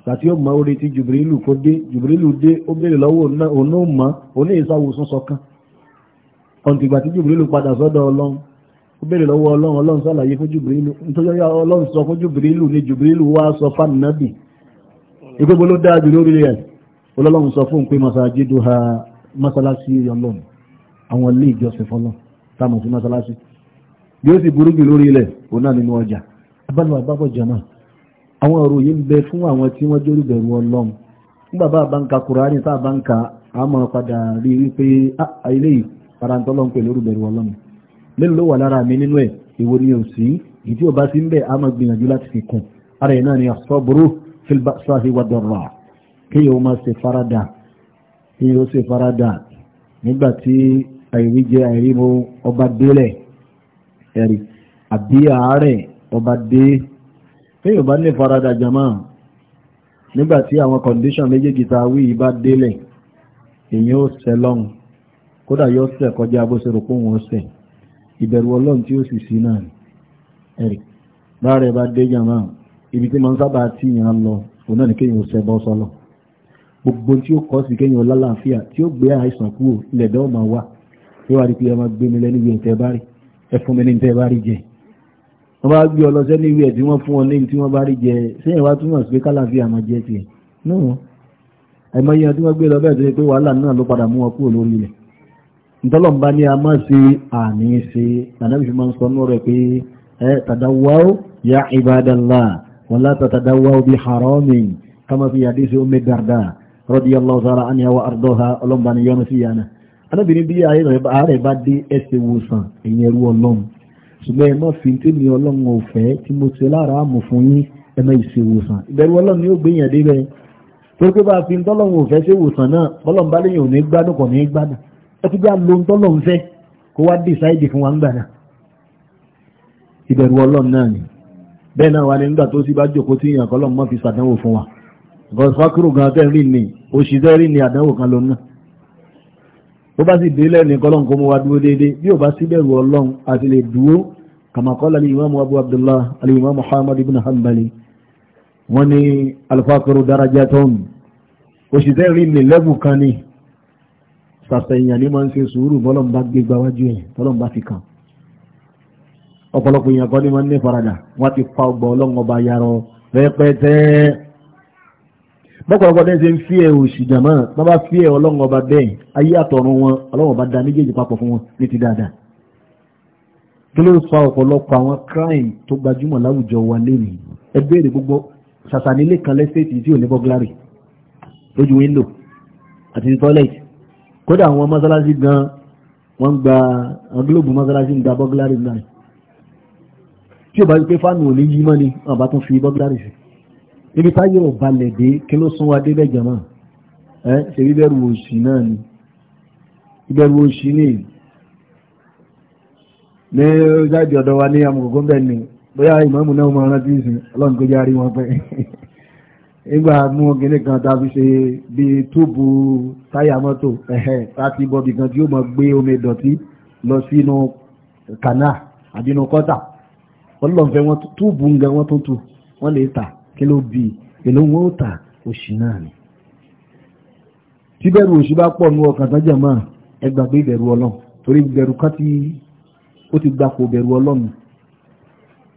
gbàtí ó mọ orí ti jùbìrìlù kó dé jùbìrìlù dé ó bèèrè lọ́wọ́ òun náà mọ́ òun ìsáwòsàn sọ̀kan ọ̀ntìgbà tí jùbìrìlù padà sọ́dọ̀ ọlọ́run ó bèèrè lọ́wọ́ ọlọ́run ọlọ́run sọ́làyé fún jùbìrìlù nítorí ọlọ́run sọ fún jùbìrìlù ni jùbìrìlù wá sọ fánàbì ìgbogbo ló dáa jù lórí rẹ̀ ọlọ́run sọ fún pé masajidu ha masalasi ọlọ́run àwọn ilé ìjọsìn fọlọ́ táwọn sí masalasi bí ó sì burú jù lórí rẹ̀ òun náà nínú ọjà abánu àbábọ̀ jama àwọn ọ̀rọ̀ yìí ń bẹ fún àwọn tí wọ́n jẹ́ olùbẹ̀rù ọlọ́run fún bàbá àbáǹkà kùránì tá àbáǹkà àmọ́ padà rí wípé ah, ilé yìí para ń tọ́lọ́ ń pè lórúbẹ̀rù ọlọ́run mélòó ló wà lára mi nínú ẹ̀ èwo ni ò sí èyí tí ò bá sí ń bẹ àmọ́ gbìyànjú láti fi kùn ara ẹ̀ náà ni àsọ́bùrú fílbà sáfì wà dọ̀rọ̀ kéèyàn ó máa ṣe farada kéèyàn ó ṣe farada nígbà téèyàn bá ní farada jama nígbàtí àwọn condition méjèèjì ta wí bá délẹ̀ èyàn ó sẹ lọ́hùn kódà yóò sẹ kọjá bó ṣe rò pé wọ́n sẹ ìbẹ̀rù ọlọ́run tí ó sì sí náà ẹ̀rì bá rẹ̀ bá dé jama ibi tí máa ń sábà tí yàn lọ òun náà ni kéèyàn ó sẹ bọ́ sọ́lọ̀ gbogbo tí ó kọ́ sí kéèyàn lálàáfíà tí ó gbé àìsàn kúrò ilẹ̀ dẹ́wọ̀n máa wà yóò wá rí pé ẹ máa gbé mi lẹ́nu yẹn tẹ́ bá rí ẹ fún mi ní tẹ́ bá rí jẹ́ wọ́n bá gbé ọlọ́sẹ́ ní ìwé ẹ̀bí wọ́n fún ọ léyìn tí wọ́n bá rí jẹ sẹ́yìn wá túmọ̀ sí pé kálàfíà máa jẹ tiẹ̀ náà àìmọye tí wọ́n gbé lọ bẹ́ẹ̀ tó yẹ pé wàhálà náà ló padà mú wọn kúrò lórí rẹ̀ ntọ́lọ́mba ni a máa ṣe àní ṣe nàdàbí fi máa ń sọ nú rẹ̀ pé ẹ tàdáwáwó ya ibadallah wala tàdáwáwó bi harami kama fi yàdí sí omi dàrdà radiyallahu ta'ala anha wa ardaha ọlọ́mba ni yọ́nu sí yàna alábìnrin bí ààrẹ bá dé ẹsẹ̀ wòsàn ìyẹn ọlọ́mù ṣùgbọ́n ẹ mọ́ fi tèmi ọlọ́run ọ̀fẹ́ tí mo ṣe lára àmù fún yín ẹ mọ́ ìṣe ìwòsàn ìbẹ̀rù ọlọ́run yóò gbéyàn débẹ̀ torí pé bá a fi ń tọ́lọ́run ọ̀fẹ́ ṣe ìwòsàn náà ọlọ́run bá léyìn ò ní gbádùn kò ní gbádùn ẹ ti gbá lo ń tọ́lọ́run fẹ́ kó wá dìsáìdì fún wa ń gbà ìbẹ̀rù ọlọ́run náà ni bẹ́ẹ̀ náà wà tó bá sì dé lẹ́nu kọ́lọ́n kó mú wa dúró déédéé bí ò bá sí bẹ̀rù ọlọ́run àti lè dúró kàmàkọ́lá ní imam abu abdullah alimam muhammad ibn hanbali wọ́n ní alifakoro daraja tóun òṣìṣẹ́ rí ní lẹ́bù kan ní sàṣẹ̀yàn ní máa ń ṣe sùúrù bọ́lọ́n bá gbé gbáwájú ẹ̀ tọ́lọ́n bá fi kàn ọ̀pọ̀lọpọ̀ èèyàn kan ní ní farada wọ́n ti fa ọgbà ọlọ́run ọba yarọ rẹpẹtẹ bọ́kọ̀lọpọ̀ ní ṣe ń fi ẹ̀ òṣì jàmá bá bá fi ẹ̀ ọlọ́run ọba bẹ́ẹ̀ ayé àtọ̀run wọn ọlọ́run ọba da méjèèjì papọ̀ fún wọn ní ti dáadáa kí ló fa ọ̀pọ̀lọpọ̀ àwọn crime tó gbajúmọ̀ láwùjọ wa lénìí ẹ béèrè gbogbo sàṣànílé kan lẹ́sẹ̀tì tí ò ní bọ́gláàrì lójú wíńdò àti ní tọ́lẹ̀tì kódà àwọn mọ́sálásí gan wọ́n gba àwọn gílòbù mọ́sálásí ń gba bọ́gláàrì náà tí ò bá rí pé fáànù ò ní yí mọ́ ni wọ́n bá tún fi bọ́gláàrì sí ibi táyé ò balẹ̀ dé kí ló sún wa dé bẹ́jọ náà ẹ́ ṣe bíbẹ̀rù òṣì náà ni ìbẹ̀rù òṣì ní ní jáde ọ̀dọ̀ wa ní amòkòkò bẹ́ẹ̀ ni bóyá ìmọ̀mù náà máa rántí ìsìn ọlọ́run kó járí wọn pẹ́ nígbà mú kíní kan tá a fi ṣe bí túbù táyà mọ́tò ẹ̀hẹ́ láti bọ́bì kan wọ́n lè tà kí ló bí èlò wọn ó tà òṣì náà ni tí bẹ̀rù òṣì bá pọ̀ nú ọkàn tájà máa ẹ gbàgbé ìbẹ̀rù ọlọ́run torí ìbẹ̀rù ká tí ó ti gbapò bẹ̀rù ọlọ́run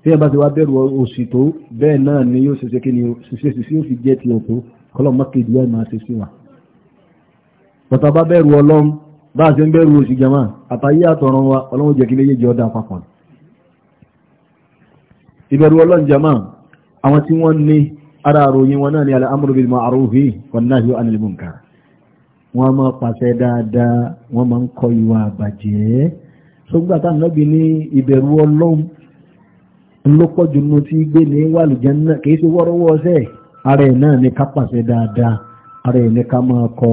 tí ẹ bá ti wá bẹ̀rù òṣì tó bẹ́ẹ̀ náà ni yóò ṣe ṣe kí ni ṣiṣẹ́ ṣiṣẹ́ yóò fi jẹ́ tiẹ̀ tó kọ́lọ̀ mọ́kèjì ẹ̀ máa ṣe sí wa bàtà bá bẹ̀rù ọlọ́run bá àwọn tí wọ́n ní ara àròyìn wọn náà ni al'amru bil ma'rufi wan nahyu anil munkar wọ́n máa pàṣẹ dáadáa wọ́n máa ń kọ ìwà àbàjẹ́ sógbà táwọn náà bí ní ìbẹ̀rù ọlọ́run lọ́pọ̀jù mú tí gbé ní wàlùjẹ́ náà kìí ṣe wọ́rọ́wọ́ ọ̀sẹ̀ ara ẹ̀ náà ni ká pàṣẹ dáadáa ara ẹ̀ ní ká máa kọ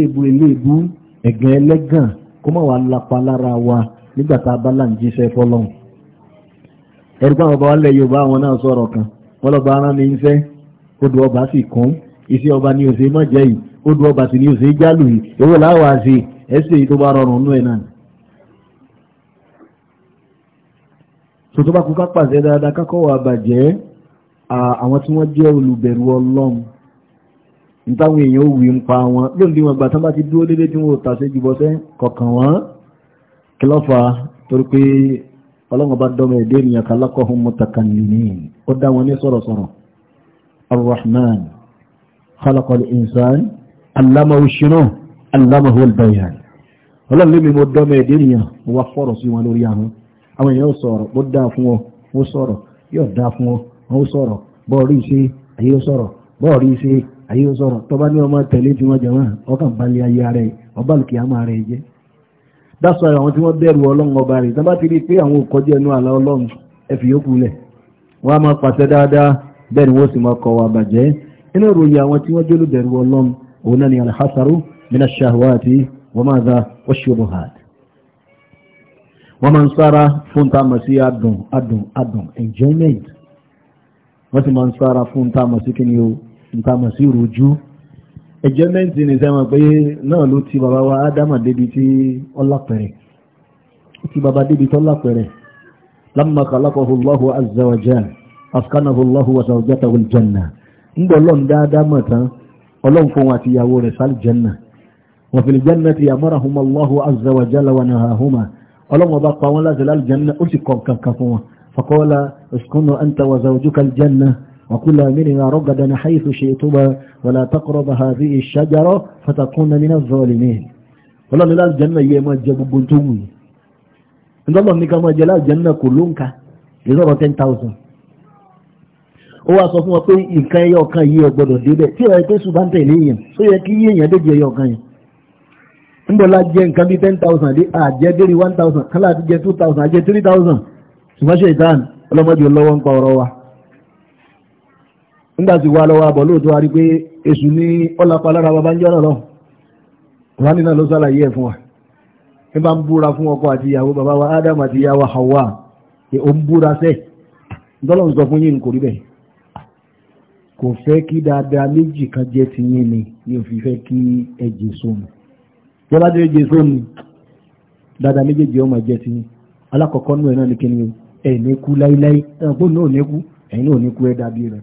ìbú ẹlẹ́gàn kó má wàá lapa lára wa nígbà tá a bá là ń jíṣẹ́ fọ́lọ́hun ẹ̀rùgbọ́n ọba wálẹ̀ Yorùbá àwọn náà sọ̀rọ̀ kan wọ́n lọ́ba ara ní iṣẹ́ odò ọba sì kún iṣẹ́ ọba ní òṣè má jẹ́ yìí odò ọba sì ní òṣè jálù yìí èwo láwọ̀ àṣe ẹ̀ṣẹ̀ yìí tó bá rọrùn nú ẹ̀ náà. sòtò bá kú ká pàṣẹ dáadáa kákọ́ wà bàjẹ́ àwọn tí wọ́n jẹ́ olùbẹ̀rù Ọlọ́run nítawọn èèyàn ò wí ń pa wọn lóòdì wọn gbà tán bá ti dúró déédéé tí wọn ò tàṣe jùbọ́sẹ́ kọ̀ọ̀kan wọn kí ló fà torí pé ọlọ́run bá dọ́mọ èdè ènìyàn khalaqahum mutakannimin ó dá wọn ní sọ̀rọ̀sọ̀rọ̀ arrahman khalaqal insan allamahu shuruh allamahu albayan ọlọ́run lémi mo dọ́mọ èdè ènìyàn mo wá fọ̀rọ̀ sí wọn lórí àwọn àwọn èèyàn sọ̀rọ̀ mo dáa fún wọn mo sọ̀rọ̀ yóò dáa fún wọn ó sọ̀rọ̀ bọ́ọ̀rí dáṣọ àwọn tí wọ́n bẹ̀rù ọlọ́run ọba rẹ̀ tán bá ti rí pé àwọn òkọjú ẹnu àlá ọlọ́run ẹfì yókù lẹ̀ wọ́n á máa pàṣẹ dáadáa bẹ́ẹ̀ ni wọ́n sì máa kọ̀ wà bàjẹ́ inú ìròyìn àwọn tí wọ́n jóló bẹ̀rù ọlọ́run òun náà ni alhassaru shahwati wọ́n máa za washubuhat wọ́n máa ń sára fún tá a mọ̀ sí adùn adùn adùn enjoyment wọ́n sì máa ń sára fún tá a mọ̀ sí kíni o tá a enjoyment ni sẹ́wọ̀n pé náà ló ti bàbá wa ádámà débi tí ọlápẹ̀rẹ̀ ti bàbá débi tó lápẹ̀rẹ̀ lamma khalaqahu Allahu azza wa jalla askanahu Allahu wa zawjatahu al-janna ńgbọ́ ọlọ́run dáadáa mọ̀ tán ọlọ́run fún wa àti ìyàwó rẹ̀ sal janna wa fil jannati amarahum Allahu azza وكل منها رغدا حيث شئتما ولا تقرب هذه الشجرة فتكون من الظالمين ọlọ́run ní láti jẹ́nà yẹ máa jẹ gbogbo tó wù yìí ǹdọ́lọ́ ní ká máa jẹ láti jẹ́nà kò ló ń ka ìsọ̀rọ̀ ten thousand ó wá sọ fún wa pé nǹkan ẹyọ kan yìí ọgbọ́dọ̀ débẹ̀ tí ìrọ̀ ẹgbẹ́ sùn bá ń tẹ̀lé èèyàn ó yẹ kí èèyàn déjì ẹyọ kan yẹn ńdọ́lá jẹ nǹkan bíi ten thousand dé àjẹ dérí one thousand kálá àti jẹ two thousand àjẹ three thousand ṣùgbọ́n ṣe ìtàn ọlọ́mọdé olówó ń pa ọ̀rọ̀ wa nígbàtí wà lọ́wọ́ àbọ̀ lóòtọ́ àrí pé èṣù ní ọlápá bàbá ń jọ́nà lọ ránì náà ló sálàyé ẹ̀ fún wa ní bá ń búra fún ọkọ àti ìyàwó bàbá wa Adam àti ìyàwó Hawa ẹ̀ o ń búra sẹ́ dọ́lọ̀ sọ fún yín kò rí bẹ́ẹ̀ kò fẹ́ kí dáadáa méjì kan jẹ́ ti yín ni ní òfin fẹ́ kí ẹ jẹ sómi tó bá jẹ́ jẹ sómi dáadáa méjèèjì ọmọ jẹ́ ti yín alákọ̀ọ́kọ́ nú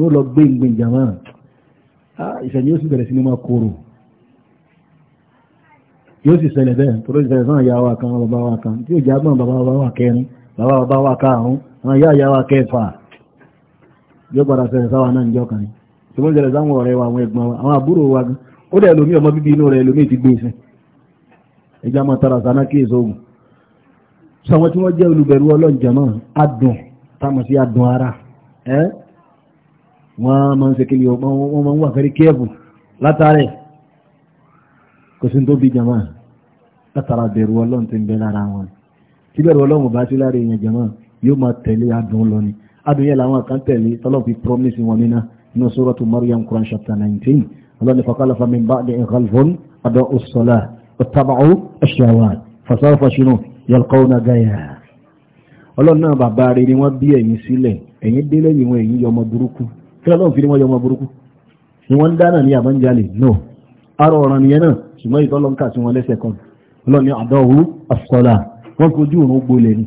wọ́n lọ gbé ìgbìn jàmá ìṣẹ̀lẹ̀ yóò sì bẹ̀rẹ̀ sí ní máa kóró yóò sì ṣẹlẹ̀ bẹ́ẹ̀ tó ló ṣẹlẹ̀ sáà yàwó kan bàbá wa kan tí ó jẹ́ àgbọn bàbá wa kẹrin bàbá bàbá wa karùn-ún àwọn yá yàwó kẹfà yóò padà ṣẹlẹ̀ sáwà náà níjọ́ kan tí wọ́n ṣẹlẹ̀ sáwọn ọ̀rẹ́ wa àwọn ẹ̀gbọ́n wa àwọn àbúrò wa gan ó dẹ̀ lómi ọmọ bíbí inú rẹ̀ lómi ti gbé ìsìn ẹja máa tara sáná kí èso ògùn sọ àwọn tí wọ́n jẹ́ olùbẹ̀rù ọlọ́njẹ̀mọ́ adùn táwọn sí adùn ara ẹ́ wọ́n máa ń ṣe kílì ọgbọ́n wọ́n máa ń wà fẹ́rí kẹ́ẹ̀bù látàrẹ̀ kò sí tó bí jama látara bẹ̀rù ọlọ́run ti ń bẹ lára wọn tí bẹ̀rù ọlọ́run bá sí lára èèyàn jama yóò máa tẹ̀lé adùn lọ ni adùn yẹn làwọn kan tẹ̀lé tọ́lọ́ fi promise wọn nínú nínú suratu Maryam Quran chapter nineteen ọlọ́run faqalafa min ba'dihim khalfun ada'u as-salah wattaba'u ash-shahawat fasawfa ni wọ́n bí ẹ̀yìn kí lọ́lọ́run fi ní wọ́n yọ ni wọ́n ń dáná ní no arọ na nìyẹn wọn lẹ́sẹ̀ kan lọ ní àdọ́wù àsọ̀là òun gbolẹ̀ ni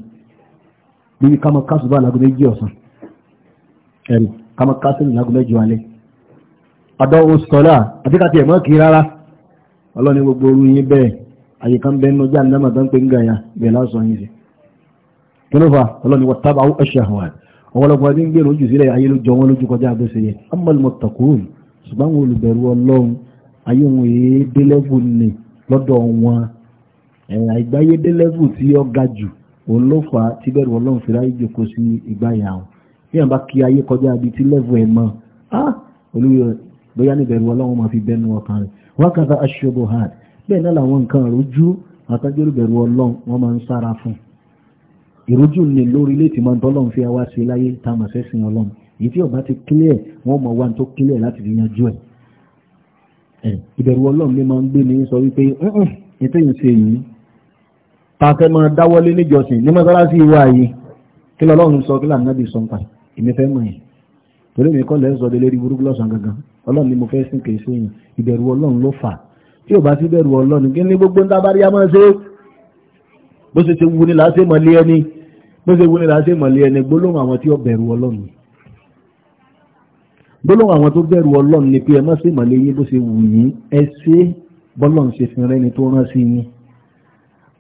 bíi ká máa kásùbà lágo méjì ọ̀sán ẹ̀rì ká máa kásùbà lágo méjì alẹ́ àdọ́wù sọ̀là àti ká mọ́ kí ọ̀pọ̀lọpọ̀ ẹni ń gbèrò jù sílẹ̀ ayé ló jọ wọn lójú kọjá bó ṣe yẹ amalmọ̀tàkùn ṣùgbọ́n àwọn olùbẹ̀rù ọlọ́run ayé wọn èé dé lẹ́vù ni lọ́dọ̀ wọn àìgbáyé dé lẹ́vù tí ó ga jù òun ló fà á tí bẹ̀rù ọlọ́run fi ráyè jòkó sí ìgbáyà wọn bí wọn bá kí ayé kọjá ibi tí lẹ́vù ẹ̀ mọ́ ah olúwo bóyá ní ọlọ́run ìrójú ni lórí ilé ìtìmọ̀ tọ́lọ́n fi wá sí láyé táwọn ẹ̀sìn ọlọ́run èyí tí ọba ti clear wọn mọ̀ wá tó clear láti fi yanjú ẹ̀ ìbẹ̀rù ọlọ́run ni máa ń gbé ní sọ wípé ètò yìí ṣe yìí ta fẹ́ máa dáwọ́lé níjọsìn ní mọ́sálásí wa yìí kí lọ́lọ́run sọ kí làǹdàbì sọ nípa èmi fẹ́ mọ̀ yẹn torí mi kọ́ lẹ́ sọ délé burúkú lọ́sàn gangan ọlọ́run ni mo fẹ́ sìn kì í ṣe yìí ìbẹ̀rù ọlọ́run ló fà tí ò bá sí bẹ̀rù ọlọ́run kí ní gbogbo ń dábàrí a ṣe bó ṣe ti wu ni làá mọ̀ lé ẹni bó ṣe wúni láti mọ̀lẹ́ ẹni gbólóhùn àwọn tí ó bẹ̀rù ọlọ́run gbólóhùn àwọn tó bẹ̀rù ọlọ́run ni pé ẹ má ṣe mọ̀lẹ́ yín bó ṣe wù yín ẹ ṣe bọ́lọ́run ṣe fún rẹ́ni tó rán sí yín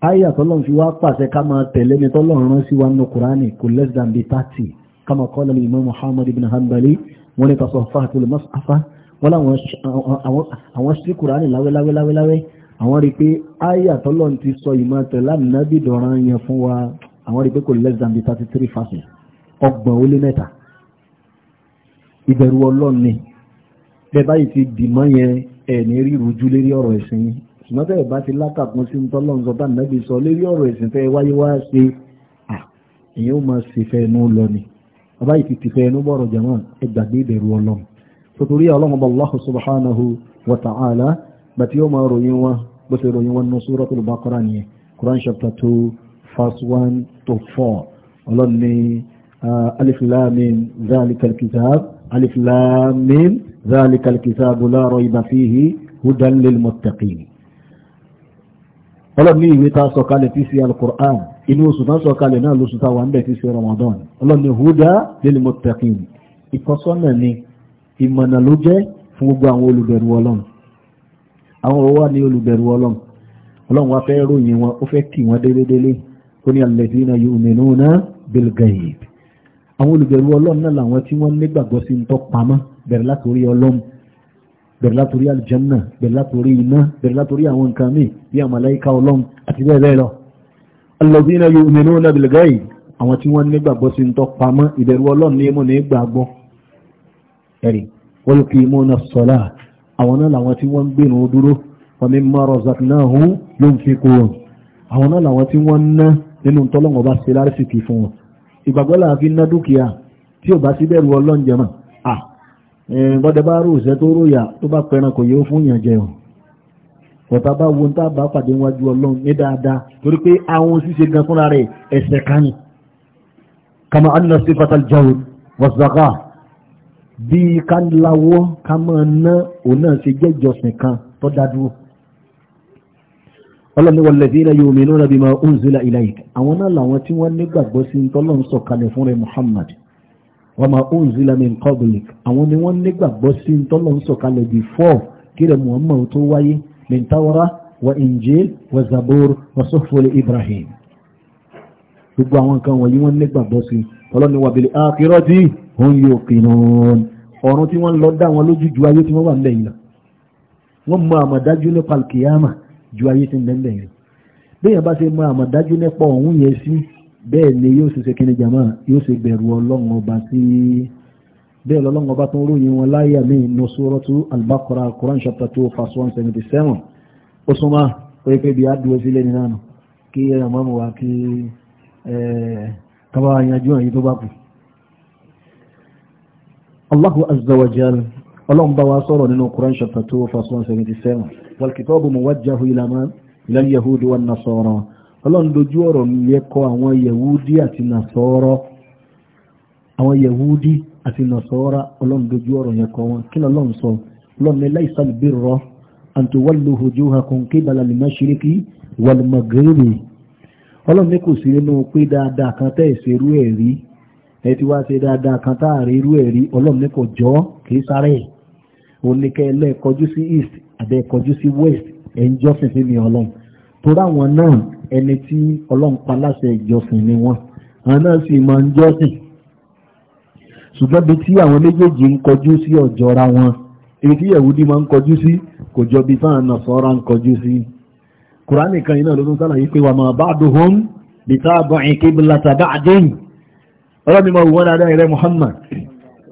ayé àtọ́lọ́run fi wá pàṣẹ ká máa tẹ̀lé ni tọ́lọ́run rán sí wa nínú kùránì kò less than be thirty kama kọ́lá ní Imam Muhammad ibn Hanbali wọ́n ní tasọ̀ fàtúlù mọ́sáfá wọ́n láwọn àwọn sí kùránì láwẹ́láwẹ́láwẹ́ àwọn rí pé ayé àtọ́lọ́run ti sọ ìmọ̀ tẹ̀lá nàbì dọ̀ràn yẹn fún wa àwọn rí pé kò less than the thirty three fasting ọgbọ̀n ó lé mẹ́ta ìbẹ̀rù ọlọ́run ni bẹ́ẹ̀ báyìí ti dìmọ́ yẹn ẹ̀ ní rí ìrújú lérí ọ̀rọ̀ ẹ̀sìn yìí ṣùgbọ́n tẹ́lẹ̀ bá ti látàkùn sí tọ́lọ́run sọ táwọn nẹ́bí sọ lérí ọ̀rọ̀ ẹ̀sìn fẹ́ wáyé wá ṣe à èyàn ó máa ṣe fẹ́ ẹnu lọ ni bàbá yìí ti ti fẹ́ ẹnu bọ̀rọ̀ jẹ̀mọ́ ẹ gbàgbé ìbẹ̀rù ọlọ́run sotori ọlọ́run bá Allah subhanahu wa ta'ala bàtí ó máa ròyìn wọn bó ṣe ròyìn wọn nù Suratul Baqara nìyẹn Quran chapter two verse one to four ọlọ́run ní ah, alif lam mim zalikal kitab alif lam mim zalikal kitab la rayba fihi hudan lil muttaqin ọlọ́run ní ìwé tá a sọ kalẹ̀ tí sí alukur'an inú oṣù tá a sọ kalẹ̀ náà lóṣù tá a wà ń bẹ̀ tí sí ramadan ọlọ́run ní hudan ni ìmọ̀nà ló jẹ́ fún gbogbo àwọn olùbẹ̀rù ọlọ́run àwọn owó ní olùbẹ̀rù ọlọ́run ọlọ́run wa fẹ́ ròyìn wọn ó fẹ́ kì wọ́n délédélé ó ní alladhina yu'minuna bil ghaib àwọn olùbẹ̀rù ọlọ́run náà làwọn tí wọ́n nígbàgbọ́ sí ń tọ́ pamọ́ bẹ̀rẹ̀ látòrí ọlọ́run bẹ̀rẹ̀ látòrí aljanna bẹ̀rẹ̀ látòrí iná bẹ̀rẹ̀ látòrí àwọn nǹkan míì bí àwọn màláíkà ọlọ́run àti bẹ́ẹ̀ bẹ́ẹ̀ lọ. alladhina yu'minuna bil ghaib àwọn tí wọ́n nígbàgbọ́ sí ń tọ́ pamọ́ ìbẹ̀rù ọlọ́run àwọn náà làwọn tí wọ́n ń ná nínú tọ́lọ́wọ́ bá ṣe lárísìkì fún wọn ìgbàgbọ́ là fi ná dúkìá tí ò bá sí bẹ̀rù ọlọ́njẹmọ̀ à bọ́dẹ bá rò ṣẹ́ tó róyà tó bá pẹran kò yóò fún yàn jẹun ọ̀tá bá wo tá bá pàdé wájú ọlọ́run ní dáadáa torí pé àwọn ṣíṣe gan fúnra rẹ̀ ẹ̀ṣẹ̀ kan kama anna sifatal jawr wasdaqa bí ká lawọ́ ká máa ná òun náà ṣe jẹ́jọsìn kan tó dá dúró ọlọ́ni walladhina yu'minuna bima unzila ilayka àwọn náà làwọn tí wọ́n nígbàgbọ́ sí tọ́lọ́n sọ̀kalẹ̀ fún rẹ̀ Muhammad wa ma unzila min qablik àwọn ni wọ́n nígbàgbọ́ sí tọ́lọ́n sọ̀kalẹ̀ before kí rẹ̀ Muhammad tó wáyé min tawra wa injil wa zabur wa suhful Ibrahim gbogbo àwọn nǹkan wọ̀nyí wọ́n nígbàgbọ́ sí ọlọ́ni wa bil akhirati hum yuqinun ọ̀run tí wọ́n lọ dá wọn lójú ju ayé tí wọ́n wà ń bẹ̀ yìí lọ wọ́n mọ àmọ̀dájú nípa kìyàmà ju ayé tí ń bẹ́ẹ̀ yẹn béèyàn bá ṣe mọ àmọ̀dájú nípa ọ̀hún yẹn sí bẹ́ẹ̀ ni yóò ṣe ṣe kíni jàmá yóò ṣe bẹ̀rù ọlọ́run ọba sí bẹ́ẹ̀ lọ́lọ́run ọba tó ń ròyìn wọn láyé àmì inú sórọ́tú al-Baqara Quran chapter two verse one seventy seven ó súnmọ́ pé pé bí adúlọ sílẹ̀ ní nànà kí ẹ̀rọ mọ́mọ́ wa kí kábàá yanjú àyè tó bá kù. Allahu azza wa jalla ọlọ́run bá wa sọ̀rọ̀ nínú Quran chapter two verse one seventy seven walkitabu muwajjahu ilama ilal yahudi wan nasara ọlọ́run dojú ọ̀rọ̀ yẹ kọ àwọn yahudi àti nasara àwọn yahudi àti nasara ọlọ́run dojú ọ̀rọ̀ yẹ kọ wọn kí ni ọlọ́run sọ ọlọ́run ní laisa albirra an tuwallu wujuhakum qibala al-mashriqi wal maghribi ọlọ́run ní kò sí nínú pé dáadáa kan tẹ́ ìṣerú ẹ̀ rí ẹ ti wá ṣe dáadáa kan táàrí irú ẹ̀ rí ọlọ́run kìí sáré kọjú sí east àbẹ́ kọjú sí west ẹ̀ sí ni ọlọ́run tó dáwọn náà ẹni tí ọlọ́run paláṣẹ ìjọsìn ni wọ́n àwọn náà sì ṣùgbọ́n bí tí àwọn méjèèjì ń kọjú sí ọ̀jọ́ra wọn kan náà ló tún sálàyé pé wà bí ọlọ́ni mọ̀ wọ́n dáadáa rẹ̀ Muhammad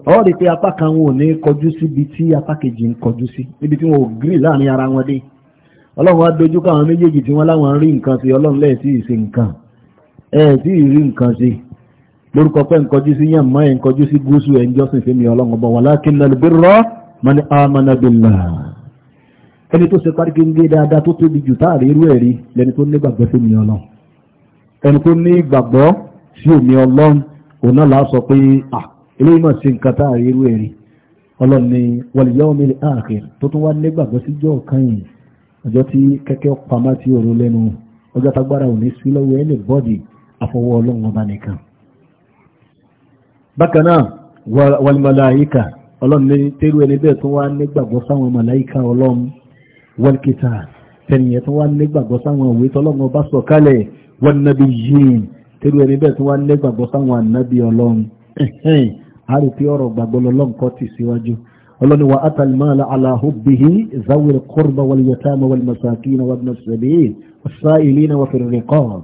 ọwọ́ rí pé apá kan wọn ò ní kọjú síbi tí apá kejì ń kọjú sí níbi tí wọn ò gírì láàrin ara wọn dé ọlọ́run wá dojú káwọn méjèèjì tí wọ́n láwọn rí nǹkan sí ọlọ́run lẹ́ẹ̀ sí nǹkan ẹ̀ sí ìrí nǹkan sí lórúkọ pé nkọjú sí yàn máa nkọjú sí gúúsù ẹ̀ ń jọ́sìn fún mi ọlọ́run ọba walakinnal birra man amana billah ẹni tó ṣe parí kéńgé dáadáa tó tóbi jù táàrí irú ẹ̀ rí lẹni tó ní ìgbàgbọ́ sí mi ọlọ́run ẹni tó ní ìgbàgbọ́ sí òmi ọlọ́run òun náà láà sọ pé à ah, eléyìí mà sí nǹkan tá àrí irú ẹ̀rí ọlọ́run ni wal yawmil tó tún wá nígbàgbọ́ síjọ́ kan yìí ọjọ́ tí kẹ́kẹ́ pamá tí òru lẹ́nu ọjọ́ tágbára ò ní sí lọ́wọ́ ẹ̀ lè àfọwọ́ ọlọ́run ọba nìkan. bákan náà wal tẹ́rù ẹni bẹ́ẹ̀ wá nígbàgbọ́ sáwọn ọlọ́run wá nígbàgbọ́ sáwọn òwe tọ́lọ́run ọba sọ̀kalẹ̀ tẹ́lú ẹni bẹ́ẹ̀ tó wá lẹ́gbàgbọ́ sáwọn ànábì ọlọ́run a rí pé ọ̀rọ̀ gbàgbọ́ lọ́lọ́run kọ́ tì síwájú ọlọ́ni wa atalmala alahubihi zawil kurba wal yatama wal masakina wa ibn sabil wasailina wa fil riqab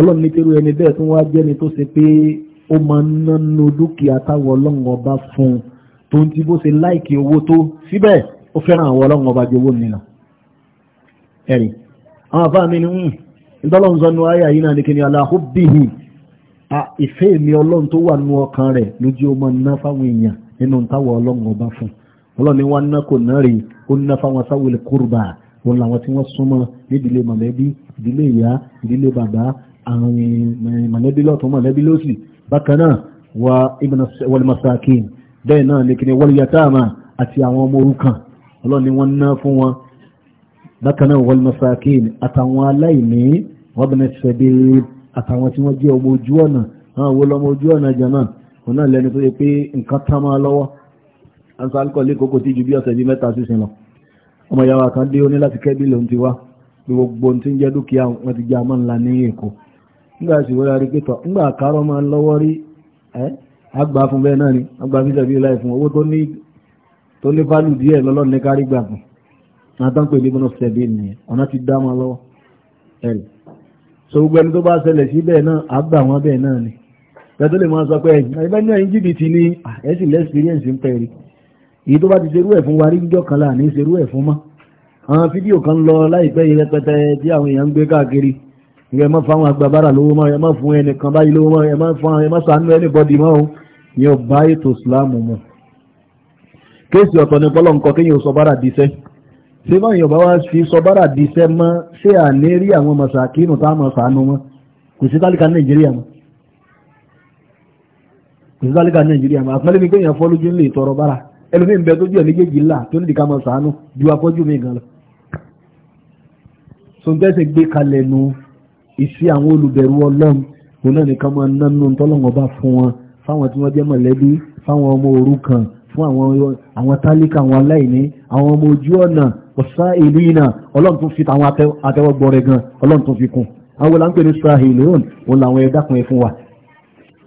ọlọ́ni tẹ́lú ẹni bẹ́ẹ̀ tó wá jẹ́ni tó ṣe pé ó máa ń nánú dúkìá táwọn ọlọ́run ọba fún tó ń ti bó ṣe láìkí owó tó síbẹ̀ ó fẹ́ràn àwọn ọlọ́run ọba jowó nìyàn ẹ̀rí àwọn àbá mi ni hmm, ìdọ́lọ́run sọ́nù ayé yìí náà ní kí ni aláhùbìhì ìfẹ́ mi ọlọ́run tó wà nú ọkàn rẹ̀ lójú ọmọ ná fáwọn èèyàn nínú táwọn ọlọ́run ọba fún ọlọ́run ni wọ́n ná kò ná rè ó ná fáwọn sáwìlì kúrúbà òun làwọn tí wọ́n súnmọ́ nídìílé mọ̀lẹ́bí ìdílé ìyá ìdílé bàbá àwọn mọ̀lẹ́bí lọ́tún mọ̀lẹ́bí ni wal yatama àti àwọn ọmọ òrukàn ni wọ́n ná fún bákanáà wal masakin àtàwọn aláìní wabna sabil àtàwọn tí wọ́n jẹ́ na wo lọmọ ojú ọ̀nà jama wọn náà lẹ́nu tó yẹ pé nǹkan tá máa lọ́wọ́ bi lè ju lọ ọmọ ìyàwó kan gbogbo tí ń jẹ́ dúkìá ti jẹ́ ní èkó nígbà wọ́n rí nígbà máa lọ́wọ́ rí ẹ́ fún bẹ́ẹ̀ náà ni àgbà fífẹ́ bí láì fún nàtàn pé ilé mọ́nà sẹ́bí ni ọ̀nà ti dá wọn lọ́wọ́ ẹ̀rì so gbogbo ẹni tó bá ṣẹlẹ̀ sí bẹ́ẹ̀ náà àgbà wọn bẹ́ẹ̀ náà ni tẹ́tọ́ lè máa sọ pé ẹgbẹ́ ní ẹ̀yìn jìbìtì ni ẹ̀sìn lẹ́sìpírẹ́ǹsì ń pẹ̀rí èyí tó bá ti ṣerú ẹ̀ fún wa rí níjọ́ kan láà ní ṣerú ẹ̀ fún mọ́ àwọn fídíò kan lọ láìpẹ́ yìí rẹpẹtẹ tí àwọn èèyàn ń gbé ni pọ́lọ́ nǹkan ṣé báyìí ọba wá fi sọ bára díṣẹ́ mọ́ ṣé à ní rí àwọn masakínù tá a mọ̀ sànú mọ́ kò sí tálíkà nàìjíríà mọ́ kò sí tálíkà nàìjíríà mọ́ àpẹẹrẹ mi pé èèyàn fọ́lójú ń lè tọrọ bára ẹlòmíì ń bẹ tó jẹ́ méjèèjì ńlá tó ní ìdíkà mọ̀ sànú ju afọ́jú mi gan lọ. so ń tẹ́sẹ̀ gbé kalẹ̀ nu ìsí àwọn olùbẹ̀rù wọ́sáìlìnà ọlọ́run tó fi tàwọn atẹ́wọ́gbọ́ rẹ̀ gan ọlọ́run tó fi kún àwọn wọ́n láńpẹ́ ní sahilon wọ́n làwọn ẹ̀dàkùn ẹ̀ fún wa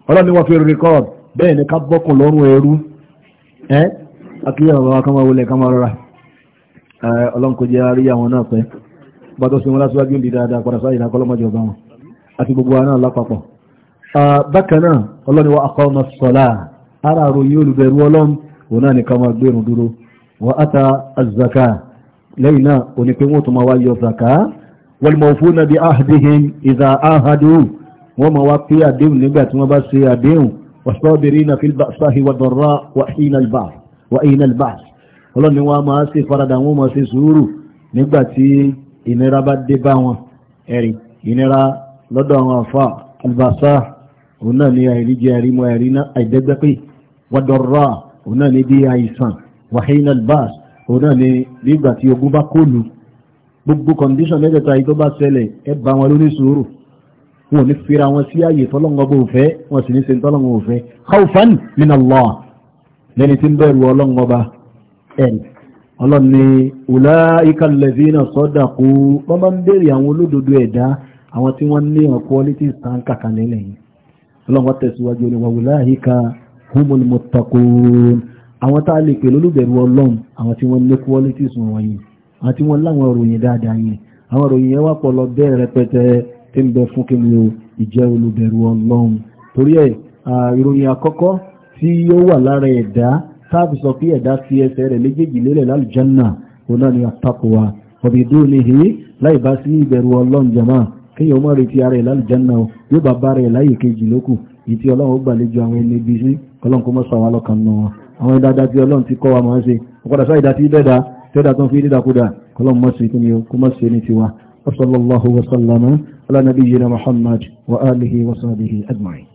ọlọ́run ni wọ́n fi rìkọ́d bẹ́ẹ̀ ni ká bọ́kùn lọ́rùn ẹrú ẹ́ akíyà bàbá kan máa wọlé kan máa rọra ọlọ́run kò jẹ́ àríyá wọn náà pẹ́ bàtọ́ sí wọn lásìwájú ní dáadáa padà sáyé kọ́lọ́mọjọ bá wọn àti gbogbo wa náà bákan náà ọlọ́run ni wọ́n sọ́lá ara àròyìn olùbẹ̀rù ọlọ́run òun náà ni ká máa dúró wọ́n ata azaka lẹ́yìn náà o ní pé wọ́n tún máa wá yọ zaka wal mawfuna bi ahdihim idha ahadu wọ́n máa wá pé àdéhùn nígbà tí wọ́n bá ṣe àdéhùn wasabirina fil ba'sahi wad darra wa hina al ba'th wa hina al ba'th ọlọ́ni wọ́n máa ṣe faradà wọ́n máa ṣe sùúrù nígbà tí ìnira bá dé bá wọn ẹ̀rì ìnira lọ́dọ̀ àwọn àfà albasa òun náà ni àìríjẹ àìrímọ àìdẹ́gbẹ́pẹ́ wad darra òun náà ni bí àìsàn wa hina òun náà ni nígbà tí ogun bá kóòlù gbogbo condition mẹ́tẹ̀ẹ̀ta yìí tó bá ṣẹlẹ̀ ẹ bá wọn lórí sùúrù wọn ò ní fira wọn sí ààyè tọ́lọ́ngọ́ bó wọn sì ní ṣe tọ́lọ́ngọ́ bó fẹ́ khawfan min Allah lẹ́ni tí ń bẹ̀rù ọlọ́ngọ́ bá ẹ̀n ọlọ́run ni ulaika allazina sadaqu wọ́n máa ń béèrè àwọn olódodo ẹ̀dá àwọn tí wọ́n ní ọ̀pọ̀ létí sàn kàkà yìí ọlọ́run tẹ̀síwájú ni wa ulaika humul muttaqun àwọn tá a lè pè lólùbẹ̀rù ọlọ́run àwọn tí wọ́n ní qualities wọ̀nyí àwọn tí wọ́n láwọn òròyìn dáadáa yẹn àwọn òròyìn yẹn wá pọ̀ lọ bẹ́ẹ̀ rẹpẹtẹ tí ń bẹ fún kí ni o ìjẹ́ olùbẹ̀rù ọlọ́run torí ẹ̀ ìròyìn àkọ́kọ́ tí ó wà lára ẹ̀dá táàbù sọ pé ẹ̀dá fi ẹsẹ̀ rẹ̀ méjèèjì lélẹ̀ lálùjánà òun ni àtakùwà ọ̀bì dúnihi jama kéèyàn mọ́ retí ara ẹ̀ lálùjánà o yóò bá bá ara ẹ̀ láyè kejì lókù ìtì àwọn ìdáadáa tí ọlọ́run ti kọ́ wa máa ń ṣe ọ̀padà sáà ìdá tí dẹ́dà tẹ́dà tó ń fi dídàkudà kọlọ́run mọ́ sí kíni o kó mọ́ sí ní tiwa wasallallahu wasallama ala nabiyyina muhammad wa alihi wa sahbihi ajma'in